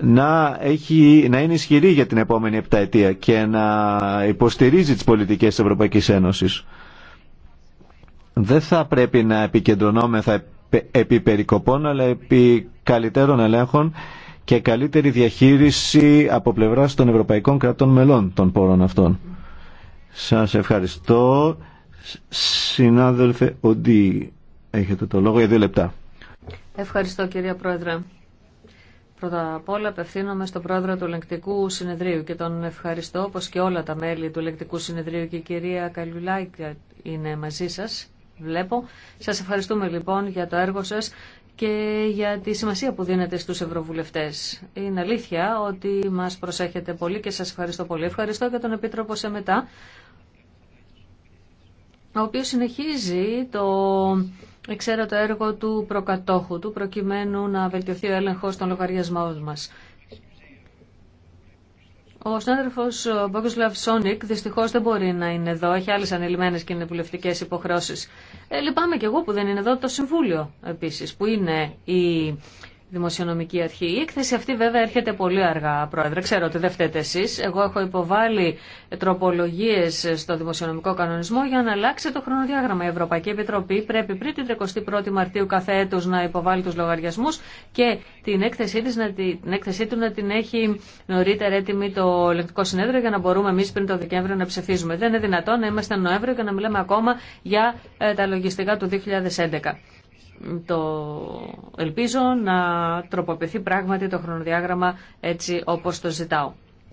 να, έχει, να είναι ισχυρή για την επόμενη επταετία και να υποστηρίζει τις πολιτικές της Ευρωπαϊκής Ένωσης. Δεν θα πρέπει να επικεντρωνόμεθα επί περικοπών, αλλά επί καλύτερων ελέγχων και καλύτερη διαχείριση από πλευράς των ευρωπαϊκών κρατών μελών των πόρων αυτών. Σας ευχαριστώ. Συνάδελφε ότι έχετε το λόγο για δύο λεπτά. Ευχαριστώ κυρία Πρόεδρε. Πρώτα απ' όλα απευθύνομαι στον πρόεδρο του Ελεγκτικού Συνεδρίου και τον ευχαριστώ όπως και όλα τα μέλη του Ελεγκτικού Συνεδρίου και η κυρία Καλιουλάκη είναι μαζί σας, βλέπω. Σας ευχαριστούμε λοιπόν για το έργο σας και για τη σημασία που δίνετε στους ευρωβουλευτές. Είναι αλήθεια ότι μας προσέχετε πολύ και σας ευχαριστώ πολύ. Ευχαριστώ και τον Επίτροπο σε μετά, ο οποίος συνεχίζει το ξέρω το έργο του προκατόχου του προκειμένου να βελτιωθεί ο έλεγχος των λογαριασμών μας. Ο συνάδελφο Μπόγκοσλαβ Σόνικ δυστυχώ δεν μπορεί να είναι εδώ. Έχει άλλε ανελημμένε κοινοβουλευτικέ υποχρεώσει. Ε, λυπάμαι κι εγώ που δεν είναι εδώ το Συμβούλιο επίση, που είναι η Δημοσιονομική Αρχή. Η έκθεση αυτή βέβαια έρχεται πολύ αργά, Πρόεδρε. Ξέρω ότι δεν φταίτε εσεί. Εγώ έχω υποβάλει τροπολογίε στο δημοσιονομικό κανονισμό για να αλλάξει το χρονοδιάγραμμα. Η Ευρωπαϊκή Επιτροπή πρέπει πριν την 31η Μαρτίου κάθε έτου να υποβάλει του λογαριασμού και την έκθεσή, της να, την έκθεσή του να την έχει νωρίτερα έτοιμη το ελεκτικό συνέδριο για να μπορούμε εμεί πριν το Δεκέμβριο να ψηφίζουμε. Δεν είναι δυνατόν να είμαστε Νοέμβριο και να μιλάμε ακόμα για ε, τα λογιστικά του 2011 το ελπίζω να τροποποιηθεί πράγματι το χρονοδιάγραμμα έτσι όπως το ζητάω.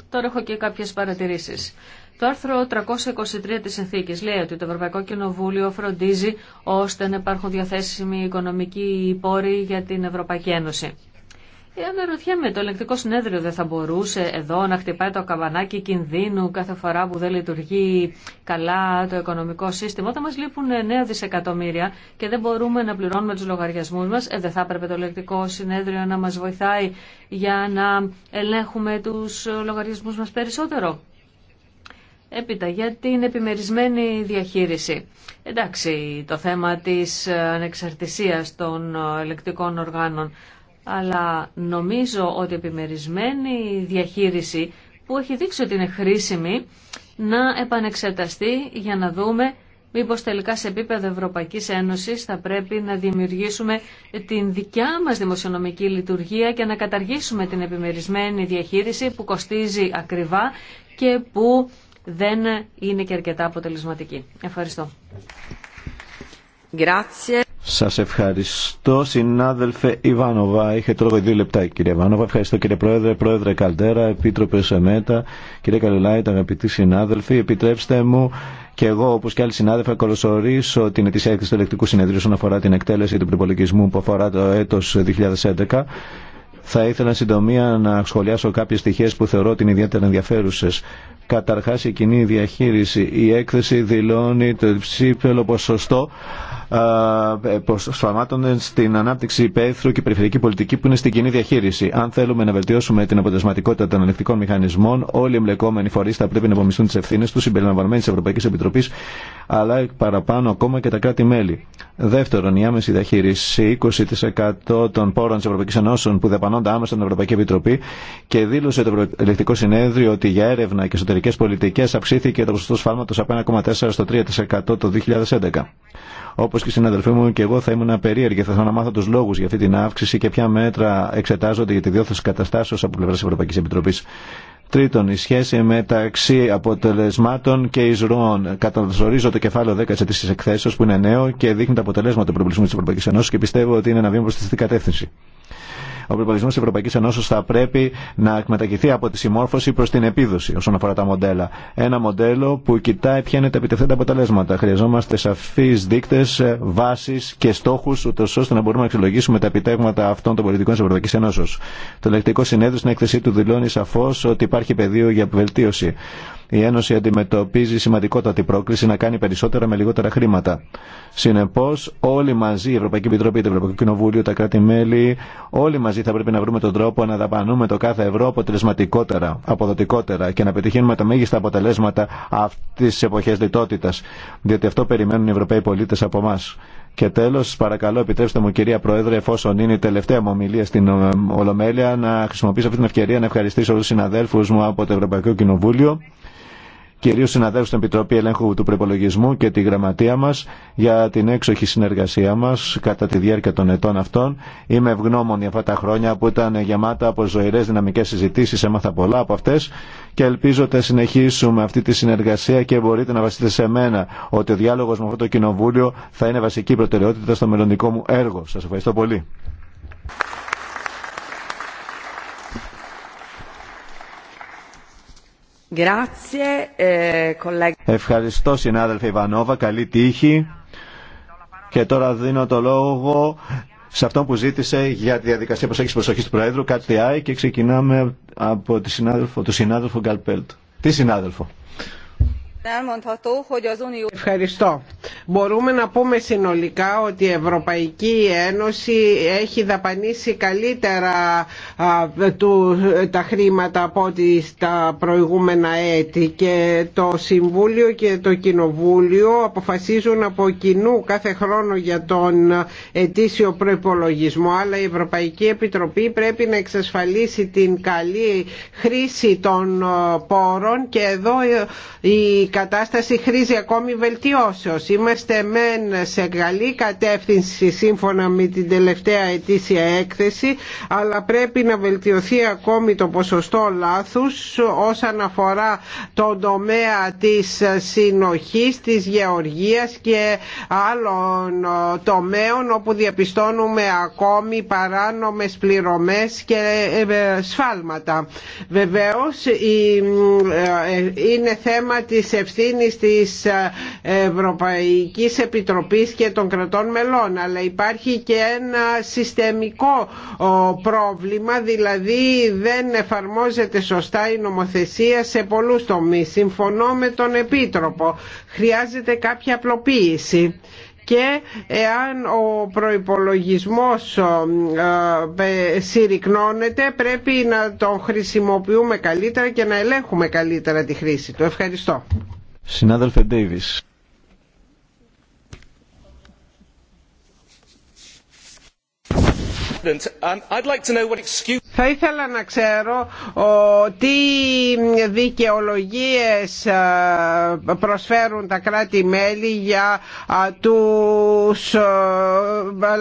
Τώρα έχω και κάποιες παρατηρήσεις. Το άρθρο 323 της Συνθήκης λέει ότι το Ευρωπαϊκό Κοινοβούλιο φροντίζει ώστε να υπάρχουν διαθέσιμοι οικονομικοί πόροι για την Ευρωπαϊκή Ένωση. Ε, αναρωτιέμαι, το ελεγκτικό συνέδριο δεν θα μπορούσε εδώ να χτυπάει το καβανάκι κινδύνου κάθε φορά που δεν λειτουργεί καλά το οικονομικό σύστημα. Όταν μα λείπουν 9 δισεκατομμύρια και δεν μπορούμε να πληρώνουμε του λογαριασμού μα ε, δεν θα έπρεπε το ελεγκτικό συνέδριο να μα βοηθάει για να ελέγχουμε του λογαριασμού μα περισσότερο. Έπειτα, για την επιμερισμένη διαχείριση. Εντάξει, το θέμα της ανεξαρτησίας των ελεκτικών οργάνων αλλά νομίζω ότι επιμερισμένη διαχείριση που έχει δείξει ότι είναι χρήσιμη να επανεξεταστεί για να δούμε μήπως τελικά σε επίπεδο Ευρωπαϊκής Ένωσης θα πρέπει να δημιουργήσουμε την δικιά μας δημοσιονομική λειτουργία και να καταργήσουμε την επιμερισμένη διαχείριση που κοστίζει ακριβά και που δεν είναι και αρκετά αποτελεσματική. Ευχαριστώ. Σας ευχαριστώ συνάδελφε Ιβάνοβα. Είχε τρόπο δύο λεπτά κύριε Ιβάνοβα. Ευχαριστώ κύριε Πρόεδρε, Πρόεδρε Καλτέρα, Επίτροπε Σεμέτα, κύριε τα αγαπητοί συνάδελφοι. Επιτρέψτε μου και εγώ, όπω και άλλοι συνάδελφοι, καλωσορίσω την ετήσια έκθεση του ελεκτικού συνεδρίου όσον αφορά την εκτέλεση του προπολογισμού που αφορά το έτο 2011. Θα ήθελα συντομία να σχολιάσω κάποιε στοιχείε που θεωρώ ότι είναι ιδιαίτερα ενδιαφέρουσε. Καταρχά, η κοινή διαχείριση. Η έκθεση δηλώνει το ψήφελο ποσοστό ε, προσφαμάτων στην ανάπτυξη υπαίθρου και περιφερειακή πολιτική που είναι στην κοινή διαχείριση. Αν θέλουμε να βελτιώσουμε την αποτελεσματικότητα των ελεκτικών μηχανισμών, όλοι οι εμπλεκόμενοι φορεί θα πρέπει να απομισθούν τι ευθύνε του συμπεριλαμβανομένοι τη Ευρωπαϊκή Επιτροπή, αλλά παραπάνω ακόμα και τα κράτη-μέλη. Δεύτερον, η άμεση διαχείριση 20% των πόρων τη Ευρωπαϊκή Ενώσεων που δεπανώνται άμεσα στην Ευρωπαϊκή Επιτροπή και δήλωσε το Ελεκτικό Συνέδριο ότι για έρευνα και εσωτερικέ πολιτικέ αυξήθηκε το ποσοστό σφάλματο από 1,4% 3% το 2011. Όπω και οι συναδελφοί μου και εγώ θα ήμουν περίεργη. Θα ήθελα να μάθω του λόγου για αυτή την αύξηση και ποια μέτρα εξετάζονται για τη διόρθωση καταστάσεω από πλευρά τη Ευρωπαϊκή Επιτροπή. Τρίτον, η σχέση μεταξύ αποτελεσμάτων και εισρωών. Καταναλωσορίζω το κεφάλαιο 10 τη εκθέσεω που είναι νέο και δείχνει τα αποτελέσματα του προβλησμού τη Ευρωπαϊκή Ενώση και πιστεύω ότι είναι ένα βήμα προ τη κατεύθυνση ο προπολογισμό τη Ευρωπαϊκή Ενώσεω θα πρέπει να μετακυθεί από τη συμμόρφωση προ την επίδοση όσον αφορά τα μοντέλα. Ένα μοντέλο που κοιτάει ποια είναι τα επιτευθέντα αποτελέσματα. Χρειαζόμαστε σαφεί δείκτε, βάσει και στόχου, ούτω ώστε να μπορούμε να αξιολογήσουμε τα επιτέγματα αυτών των πολιτικών τη Ευρωπαϊκή Ενώσεω. Το ελεκτικό συνέδριο στην έκθεσή του δηλώνει σαφώ ότι υπάρχει πεδίο για βελτίωση η Ένωση αντιμετωπίζει σημαντικότατη πρόκληση να κάνει περισσότερα με λιγότερα χρήματα. Συνεπώ, όλοι μαζί, η Ευρωπαϊκή Επιτροπή, το Ευρωπαϊκό Κοινοβούλιο, τα κράτη-μέλη, όλοι μαζί θα πρέπει να βρούμε τον τρόπο να δαπανούμε το κάθε ευρώ αποτελεσματικότερα, αποδοτικότερα και να πετυχαίνουμε τα μέγιστα αποτελέσματα αυτή τη εποχή λιτότητα. Διότι αυτό περιμένουν οι Ευρωπαίοι πολίτε από εμά. Και τέλο, παρακαλώ, επιτρέψτε μου, κυρία Πρόεδρε, εφόσον είναι η τελευταία μου ομιλία στην ε, Ολομέλεια, να χρησιμοποιήσω αυτή την ευκαιρία να ευχαριστήσω όλου του συναδέλφου μου από το Ευρωπαϊκό Κοινοβούλιο κυρίως συναδέλφους στην Επιτροπή Ελέγχου του Προπολογισμού και τη γραμματεία μας για την έξοχη συνεργασία μας κατά τη διάρκεια των ετών αυτών. Είμαι ευγνώμων για αυτά τα χρόνια που ήταν γεμάτα από ζωηρές δυναμικές συζητήσεις, έμαθα πολλά από αυτές και ελπίζω ότι συνεχίσουμε αυτή τη συνεργασία και μπορείτε να βασίσετε σε μένα ότι ο διάλογος με αυτό το Κοινοβούλιο θα είναι βασική προτεραιότητα στο μελλοντικό μου έργο. Σας ευχαριστώ πολύ. Eh, Ευχαριστώ συνάδελφε Ιβανόβα, καλή τύχη. Και τώρα δίνω το λόγο σε αυτό που ζήτησε για τη διαδικασία προσέγγισης προσοχή του Προέδρου, κάτι και ξεκινάμε από τη συνάδελφο, του συνάδελφο Γκαλπέλτ. Τι συνάδελφο. Ευχαριστώ. Μπορούμε να πούμε συνολικά ότι η Ευρωπαϊκή Ένωση έχει δαπανίσει καλύτερα τα χρήματα από ό,τι στα προηγούμενα έτη και το Συμβούλιο και το Κοινοβούλιο αποφασίζουν από κοινού κάθε χρόνο για τον ετήσιο προϋπολογισμό αλλά η Ευρωπαϊκή Επιτροπή πρέπει να εξασφαλίσει την καλή χρήση των πόρων και εδώ η κατάσταση χρήζει ακόμη βελτιώσεως. Είμαστε μεν σε καλή κατεύθυνση σύμφωνα με την τελευταία ετήσια έκθεση, αλλά πρέπει να βελτιωθεί ακόμη το ποσοστό λάθους όσον αφορά τον τομέα της συνοχής, της γεωργίας και άλλων τομέων όπου διαπιστώνουμε ακόμη παράνομες πληρωμές και ε, σφάλματα. Βεβαίως ε, ε, είναι θέμα της ευθύνης της ε, Ευρωπαϊκής Επιτροπής και των κρατών μελών αλλά υπάρχει και ένα συστημικό πρόβλημα δηλαδή δεν εφαρμόζεται σωστά η νομοθεσία σε πολλούς τομείς. Συμφωνώ με τον Επίτροπο. Χρειάζεται κάποια απλοποίηση και εάν ο προϋπολογισμός ε, συρρυκνώνεται πρέπει να τον χρησιμοποιούμε καλύτερα και να ελέγχουμε καλύτερα τη χρήση του. Ευχαριστώ. Συνάδελφε Ντέιβις. I'd like to know what excuse... Θα ήθελα να ξέρω τι δικαιολογίες ε, προσφέρουν τα κράτη-μέλη για τους ε,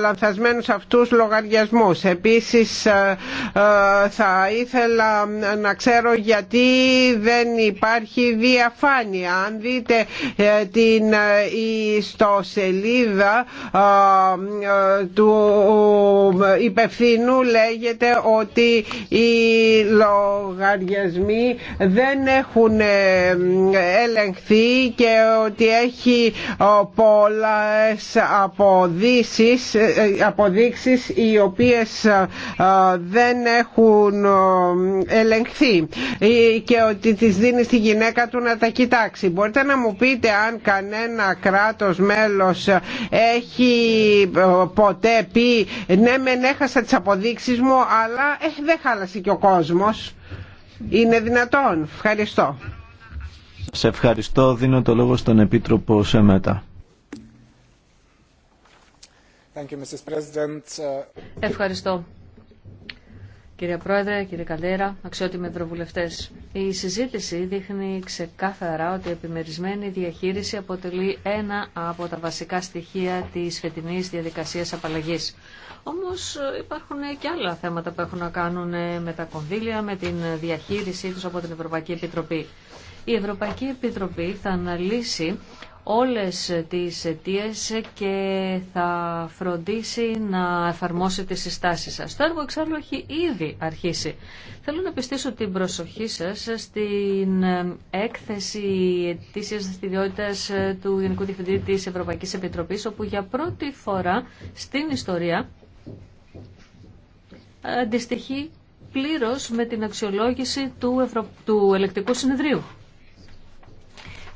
λανθασμένους αυτούς λογαριασμούς. Επίσης ε, θα ήθελα να ξέρω γιατί δεν υπάρχει διαφάνεια. Αν δείτε την ιστοσελίδα του υπευθύνου λέγεται ότι οι λογαριασμοί δεν έχουν ε, ελεγχθεί και ότι έχει ε, πολλές αποδείξεις, ε, αποδείξεις οι οποίες δεν έχουν ελεγχθεί και ότι τις δίνει στη γυναίκα του να τα κοιτάξει. Μπορείτε να μου πείτε αν κανένα κράτος μέλος έχει ποτέ πει ναι μεν έχασα τις αποδείξεις μου αλλά δεν χάλασε και ο κόσμος. Είναι δυνατόν. Ευχαριστώ. Σε ευχαριστώ. Δίνω το λόγο στον Επίτροπο Σεμέτα. Ευχαριστώ. Κύριε Πρόεδρε, κύριε Καλέρα, αξιότιμοι ευρωβουλευτέ. Η συζήτηση δείχνει ξεκάθαρα ότι η επιμερισμένη διαχείριση αποτελεί ένα από τα βασικά στοιχεία τη φετινή διαδικασία απαλλαγή. Όμω υπάρχουν και άλλα θέματα που έχουν να κάνουν με τα κονδύλια, με την διαχείρισή του από την Ευρωπαϊκή Επιτροπή. Η Ευρωπαϊκή Επιτροπή θα αναλύσει όλες τις αιτίε και θα φροντίσει να εφαρμόσει τις συστάσεις σας. Το έργο εξάλλου έχει ήδη αρχίσει. Θέλω να πιστήσω την προσοχή σας στην έκθεση ετήσιας δραστηριότητας του Γενικού Διευθυντή της Ευρωπαϊκής Επιτροπής, όπου για πρώτη φορά στην ιστορία αντιστοιχεί πλήρως με την αξιολόγηση του, Ευρω... του Ελεκτικού Συνεδρίου.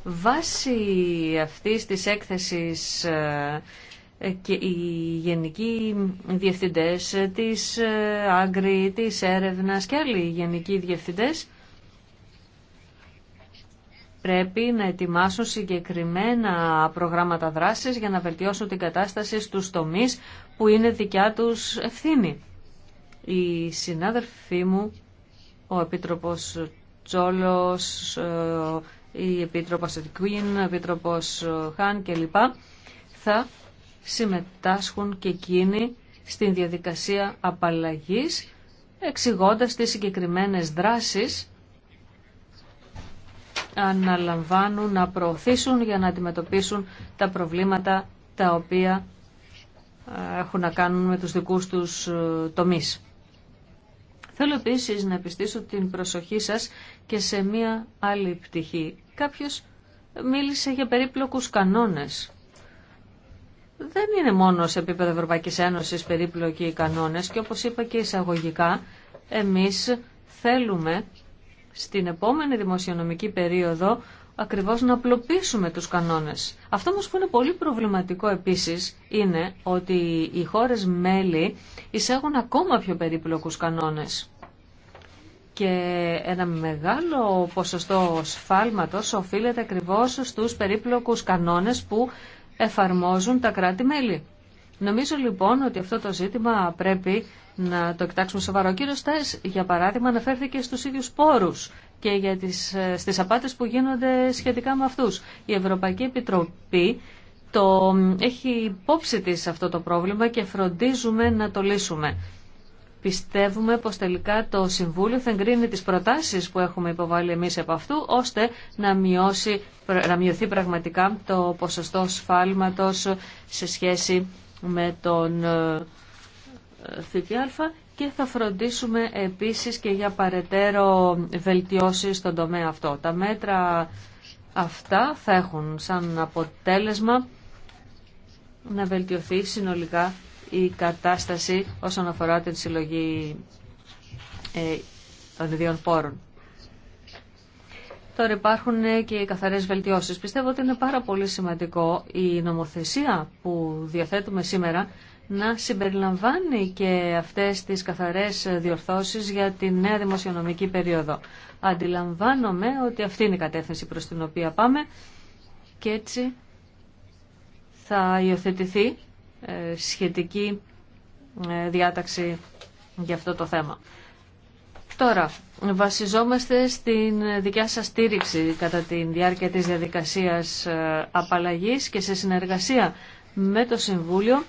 Βάσει αυτής της έκθεσης ε, και οι γενικοί διευθυντές της ε, Άγκρη, της έρευνας και άλλοι γενικοί διευθυντές πρέπει να ετοιμάσουν συγκεκριμένα προγράμματα δράσης για να βελτιώσουν την κατάσταση στους τομείς που είναι δικιά τους ευθύνη. Οι συνάδελφοί μου, ο Επίτροπος Τσόλος, η Επίτροπος η ο Επίτροπος Χάν κλπ. θα συμμετάσχουν και εκείνοι στην διαδικασία απαλλαγής εξηγώντας τις συγκεκριμένες δράσεις αναλαμβάνουν να προωθήσουν για να αντιμετωπίσουν τα προβλήματα τα οποία έχουν να κάνουν με τους δικούς τους ε, τομείς. Θέλω επίση να επιστήσω την προσοχή σας και σε μία άλλη πτυχή. Κάποιος μίλησε για περίπλοκους κανόνες. Δεν είναι μόνο σε επίπεδο Ευρωπαϊκή Ένωση περίπλοκοι οι κανόνες και όπως είπα και εισαγωγικά, εμείς θέλουμε στην επόμενη δημοσιονομική περίοδο ακριβώς να απλοποιήσουμε τους κανόνες. Αυτό όμως που είναι πολύ προβληματικό επίσης είναι ότι οι χώρες μέλη εισάγουν ακόμα πιο περίπλοκους κανόνες. Και ένα μεγάλο ποσοστό σφάλματος οφείλεται ακριβώς στους περίπλοκους κανόνες που εφαρμόζουν τα κράτη-μέλη. Νομίζω λοιπόν ότι αυτό το ζήτημα πρέπει να το εκτάξουμε σοβαρό. Ο για παράδειγμα, αναφέρθηκε στους ίδιους πόρους και για τις, ε, στις απάτες που γίνονται σχετικά με αυτούς. Η Ευρωπαϊκή Επιτροπή το έχει υπόψη της αυτό το πρόβλημα και φροντίζουμε να το λύσουμε. Πιστεύουμε πως τελικά το Συμβούλιο θα εγκρίνει τις προτάσεις που έχουμε υποβάλει εμείς από αυτού, ώστε να, μειώσει, να μειωθεί πραγματικά το ποσοστό σφάλματος σε σχέση με τον ε, ε, ΦΠΑ και θα φροντίσουμε επίσης και για παρετέρω βελτιώσεις στον τομέα αυτό. Τα μέτρα αυτά θα έχουν σαν αποτέλεσμα να βελτιωθεί συνολικά η κατάσταση όσον αφορά την συλλογή των ε, ιδιών πόρων. Τώρα υπάρχουν ε, και οι καθαρές βελτιώσεις. Πιστεύω ότι είναι πάρα πολύ σημαντικό η νομοθεσία που διαθέτουμε σήμερα να συμπεριλαμβάνει και αυτές τις καθαρές διορθώσεις για τη νέα δημοσιονομική περίοδο. Αντιλαμβάνομαι ότι αυτή είναι η κατεύθυνση προς την οποία πάμε και έτσι θα υιοθετηθεί ε, σχετική ε, διάταξη για αυτό το θέμα. Τώρα, βασιζόμαστε στην δικιά σας στήριξη κατά τη διάρκεια της διαδικασίας ε, απαλλαγής και σε συνεργασία με το Συμβούλιο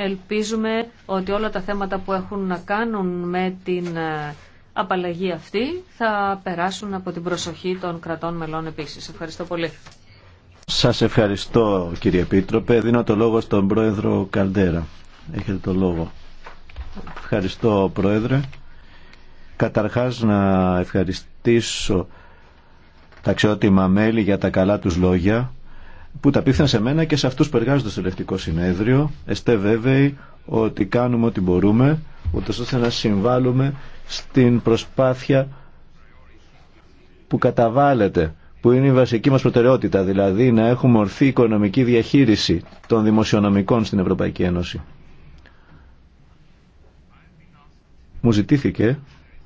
Ελπίζουμε ότι όλα τα θέματα που έχουν να κάνουν με την ε, απαλλαγή αυτή θα περάσουν από την προσοχή των κρατών μελών επίσης. Ευχαριστώ πολύ. Σας ευχαριστώ κύριε Επίτροπε. Δίνω το λόγο στον Πρόεδρο Καλτέρα. Έχετε το λόγο. Ευχαριστώ Πρόεδρε. Καταρχάς να ευχαριστήσω τα αξιότιμα μέλη για τα καλά τους λόγια που τα πήθαν σε μένα και σε αυτούς που εργάζονται στο Συνέδριο. Εστέ βέβαιοι ότι κάνουμε ό,τι μπορούμε, ούτως ώστε να συμβάλλουμε στην προσπάθεια που καταβάλλεται, που είναι η βασική μας προτεραιότητα, δηλαδή να έχουμε ορθή οικονομική διαχείριση των δημοσιονομικών στην Ευρωπαϊκή Ένωση. Μου ζητήθηκε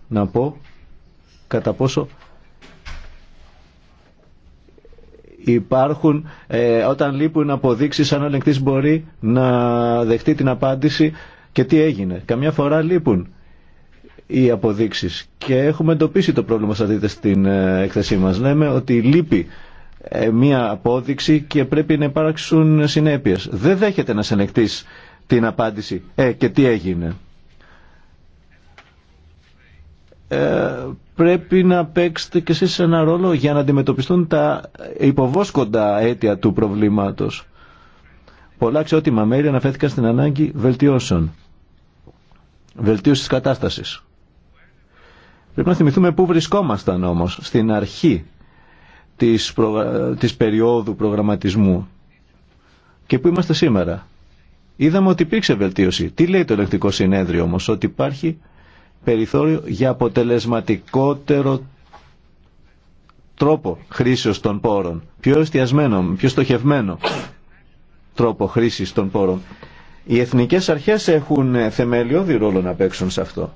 να πω κατά πόσο υπάρχουν ε, όταν λείπουν αποδείξεις αν ο μπορεί να δεχτεί την απάντηση και τι έγινε. Καμιά φορά λείπουν οι αποδείξεις και έχουμε εντοπίσει το πρόβλημα σαν δείτε στην ε, έκθεσή μας. Λέμε ότι λείπει ε, μία απόδειξη και πρέπει να υπάρξουν συνέπειες. Δεν δέχεται να ελεγκτής την απάντηση «Ε, και τι έγινε» πρέπει να παίξετε κι εσείς ένα ρόλο για να αντιμετωπιστούν τα υποβόσκοντα αίτια του προβλήματος. Πολλά αξιότιμα μέρη αναφέθηκαν στην ανάγκη βελτιώσεων. Βελτίωση της κατάστασης. Πρέπει να θυμηθούμε πού βρισκόμασταν όμως στην αρχή της, της περίοδου προγραμματισμού και πού είμαστε σήμερα. Είδαμε ότι υπήρξε βελτίωση. Τι λέει το ελεκτικό συνέδριο όμως, ότι υπάρχει περιθώριο για αποτελεσματικότερο τρόπο χρήσεως των πόρων, πιο εστιασμένο, πιο στοχευμένο τρόπο χρήσης των πόρων. Οι εθνικές αρχές έχουν θεμελιώδη ρόλο να παίξουν σε αυτό.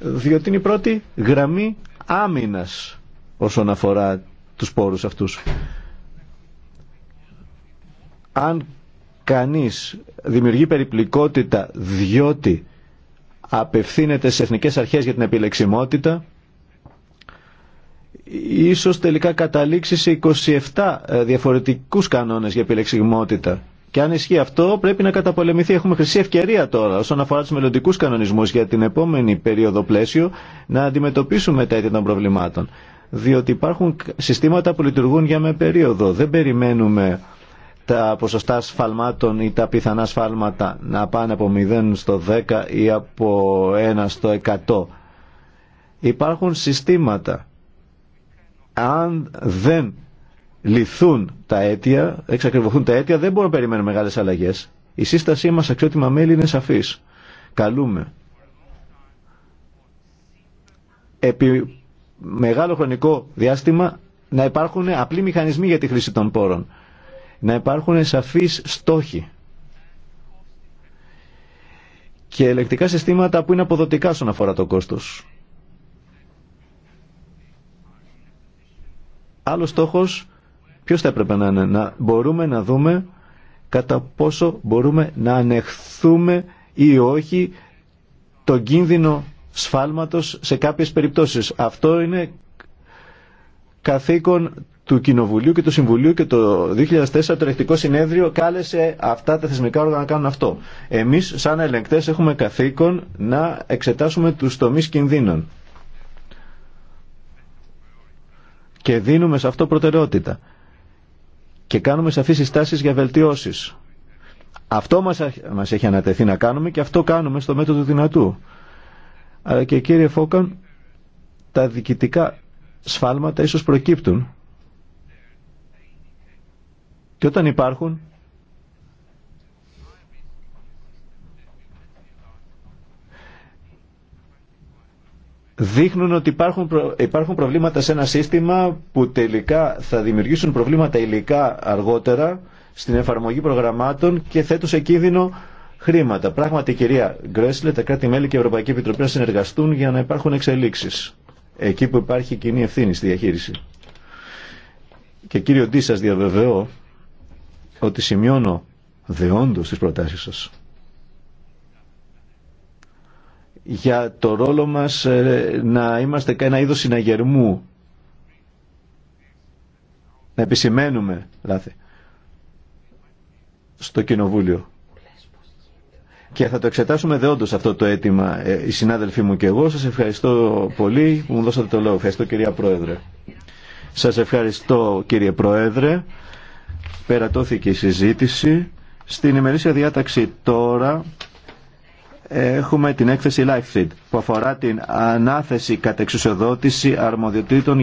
Διότι είναι η πρώτη γραμμή άμυνας όσον αφορά τους πόρους αυτούς. Αν κανείς δημιουργεί περιπλικότητα διότι απευθύνεται σε εθνικές αρχές για την επιλεξιμότητα ίσως τελικά καταλήξει σε 27 ε, διαφορετικούς κανόνες για επιλεξιμότητα. Και αν ισχύει αυτό πρέπει να καταπολεμηθεί. Έχουμε χρυσή ευκαιρία τώρα όσον αφορά τους μελλοντικού κανονισμούς για την επόμενη περίοδο πλαίσιο να αντιμετωπίσουμε τα αίτια των προβλημάτων. Διότι υπάρχουν συστήματα που λειτουργούν για με περίοδο. Δεν περιμένουμε τα ποσοστά σφαλμάτων ή τα πιθανά σφάλματα να πάνε από 0 στο 10 ή από 1 στο 100. Υπάρχουν συστήματα. Αν δεν λυθούν τα αίτια, εξακριβωθούν τα αίτια, δεν μπορούμε να περιμένουμε μεγάλες αλλαγές. Η σύστασή μας αξιότιμα μέλη είναι σαφής. Καλούμε. Επί μεγάλο χρονικό διάστημα να υπάρχουν απλοί μηχανισμοί για τη χρήση των πόρων να υπάρχουν σαφείς στόχοι και ελεκτικά συστήματα που είναι αποδοτικά στον αφορά το κόστος. Άλλος στόχος, ποιος θα έπρεπε να είναι, να μπορούμε να δούμε κατά πόσο μπορούμε να ανεχθούμε ή όχι το κίνδυνο σφάλματος σε κάποιες περιπτώσεις. Αυτό είναι καθήκον του Κοινοβουλίου και του Συμβουλίου και το 2004 το Ελεκτικό Συνέδριο κάλεσε αυτά τα θεσμικά όργανα να κάνουν αυτό. Εμείς σαν ελεγκτές έχουμε καθήκον να εξετάσουμε τους τομείς κινδύνων. Και δίνουμε σε αυτό προτεραιότητα. Και κάνουμε σαφείς συστάσεις για βελτιώσεις. Αυτό μας, μας έχει ανατεθεί να κάνουμε και αυτό κάνουμε στο μέτρο του δυνατού. Αλλά και κύριε Φόκαν, τα διοικητικά σφάλματα ίσως προκύπτουν και όταν υπάρχουν, δείχνουν ότι υπάρχουν, υπάρχουν προβλήματα σε ένα σύστημα που τελικά θα δημιουργήσουν προβλήματα υλικά αργότερα στην εφαρμογή προγραμμάτων και θέτουν σε κίνδυνο χρήματα. Πράγματι, κυρία Γκρέσλε, τα κράτη-μέλη και η Ευρωπαϊκή Επιτροπή να συνεργαστούν για να υπάρχουν εξελίξει. Εκεί που υπάρχει κοινή ευθύνη στη διαχείριση. Και κύριο Ντί, σα διαβεβαιώ ότι σημειώνω δεόντως τις προτάσεις σας για το ρόλο μας ε, να είμαστε ένα είδος συναγερμού να επισημαίνουμε λάθη στο Κοινοβούλιο και θα το εξετάσουμε δεόντως αυτό το αίτημα ε, οι συνάδελφοί μου και εγώ σας ευχαριστώ πολύ που μου δώσατε το λόγο ευχαριστώ κυρία Πρόεδρε σας ευχαριστώ κύριε Πρόεδρε Περατώθηκε η συζήτηση. Στην ημερήσια διάταξη τώρα έχουμε την έκθεση Lifefeed που αφορά την ανάθεση κατεξουσιοδότηση αρμοδιοτήτων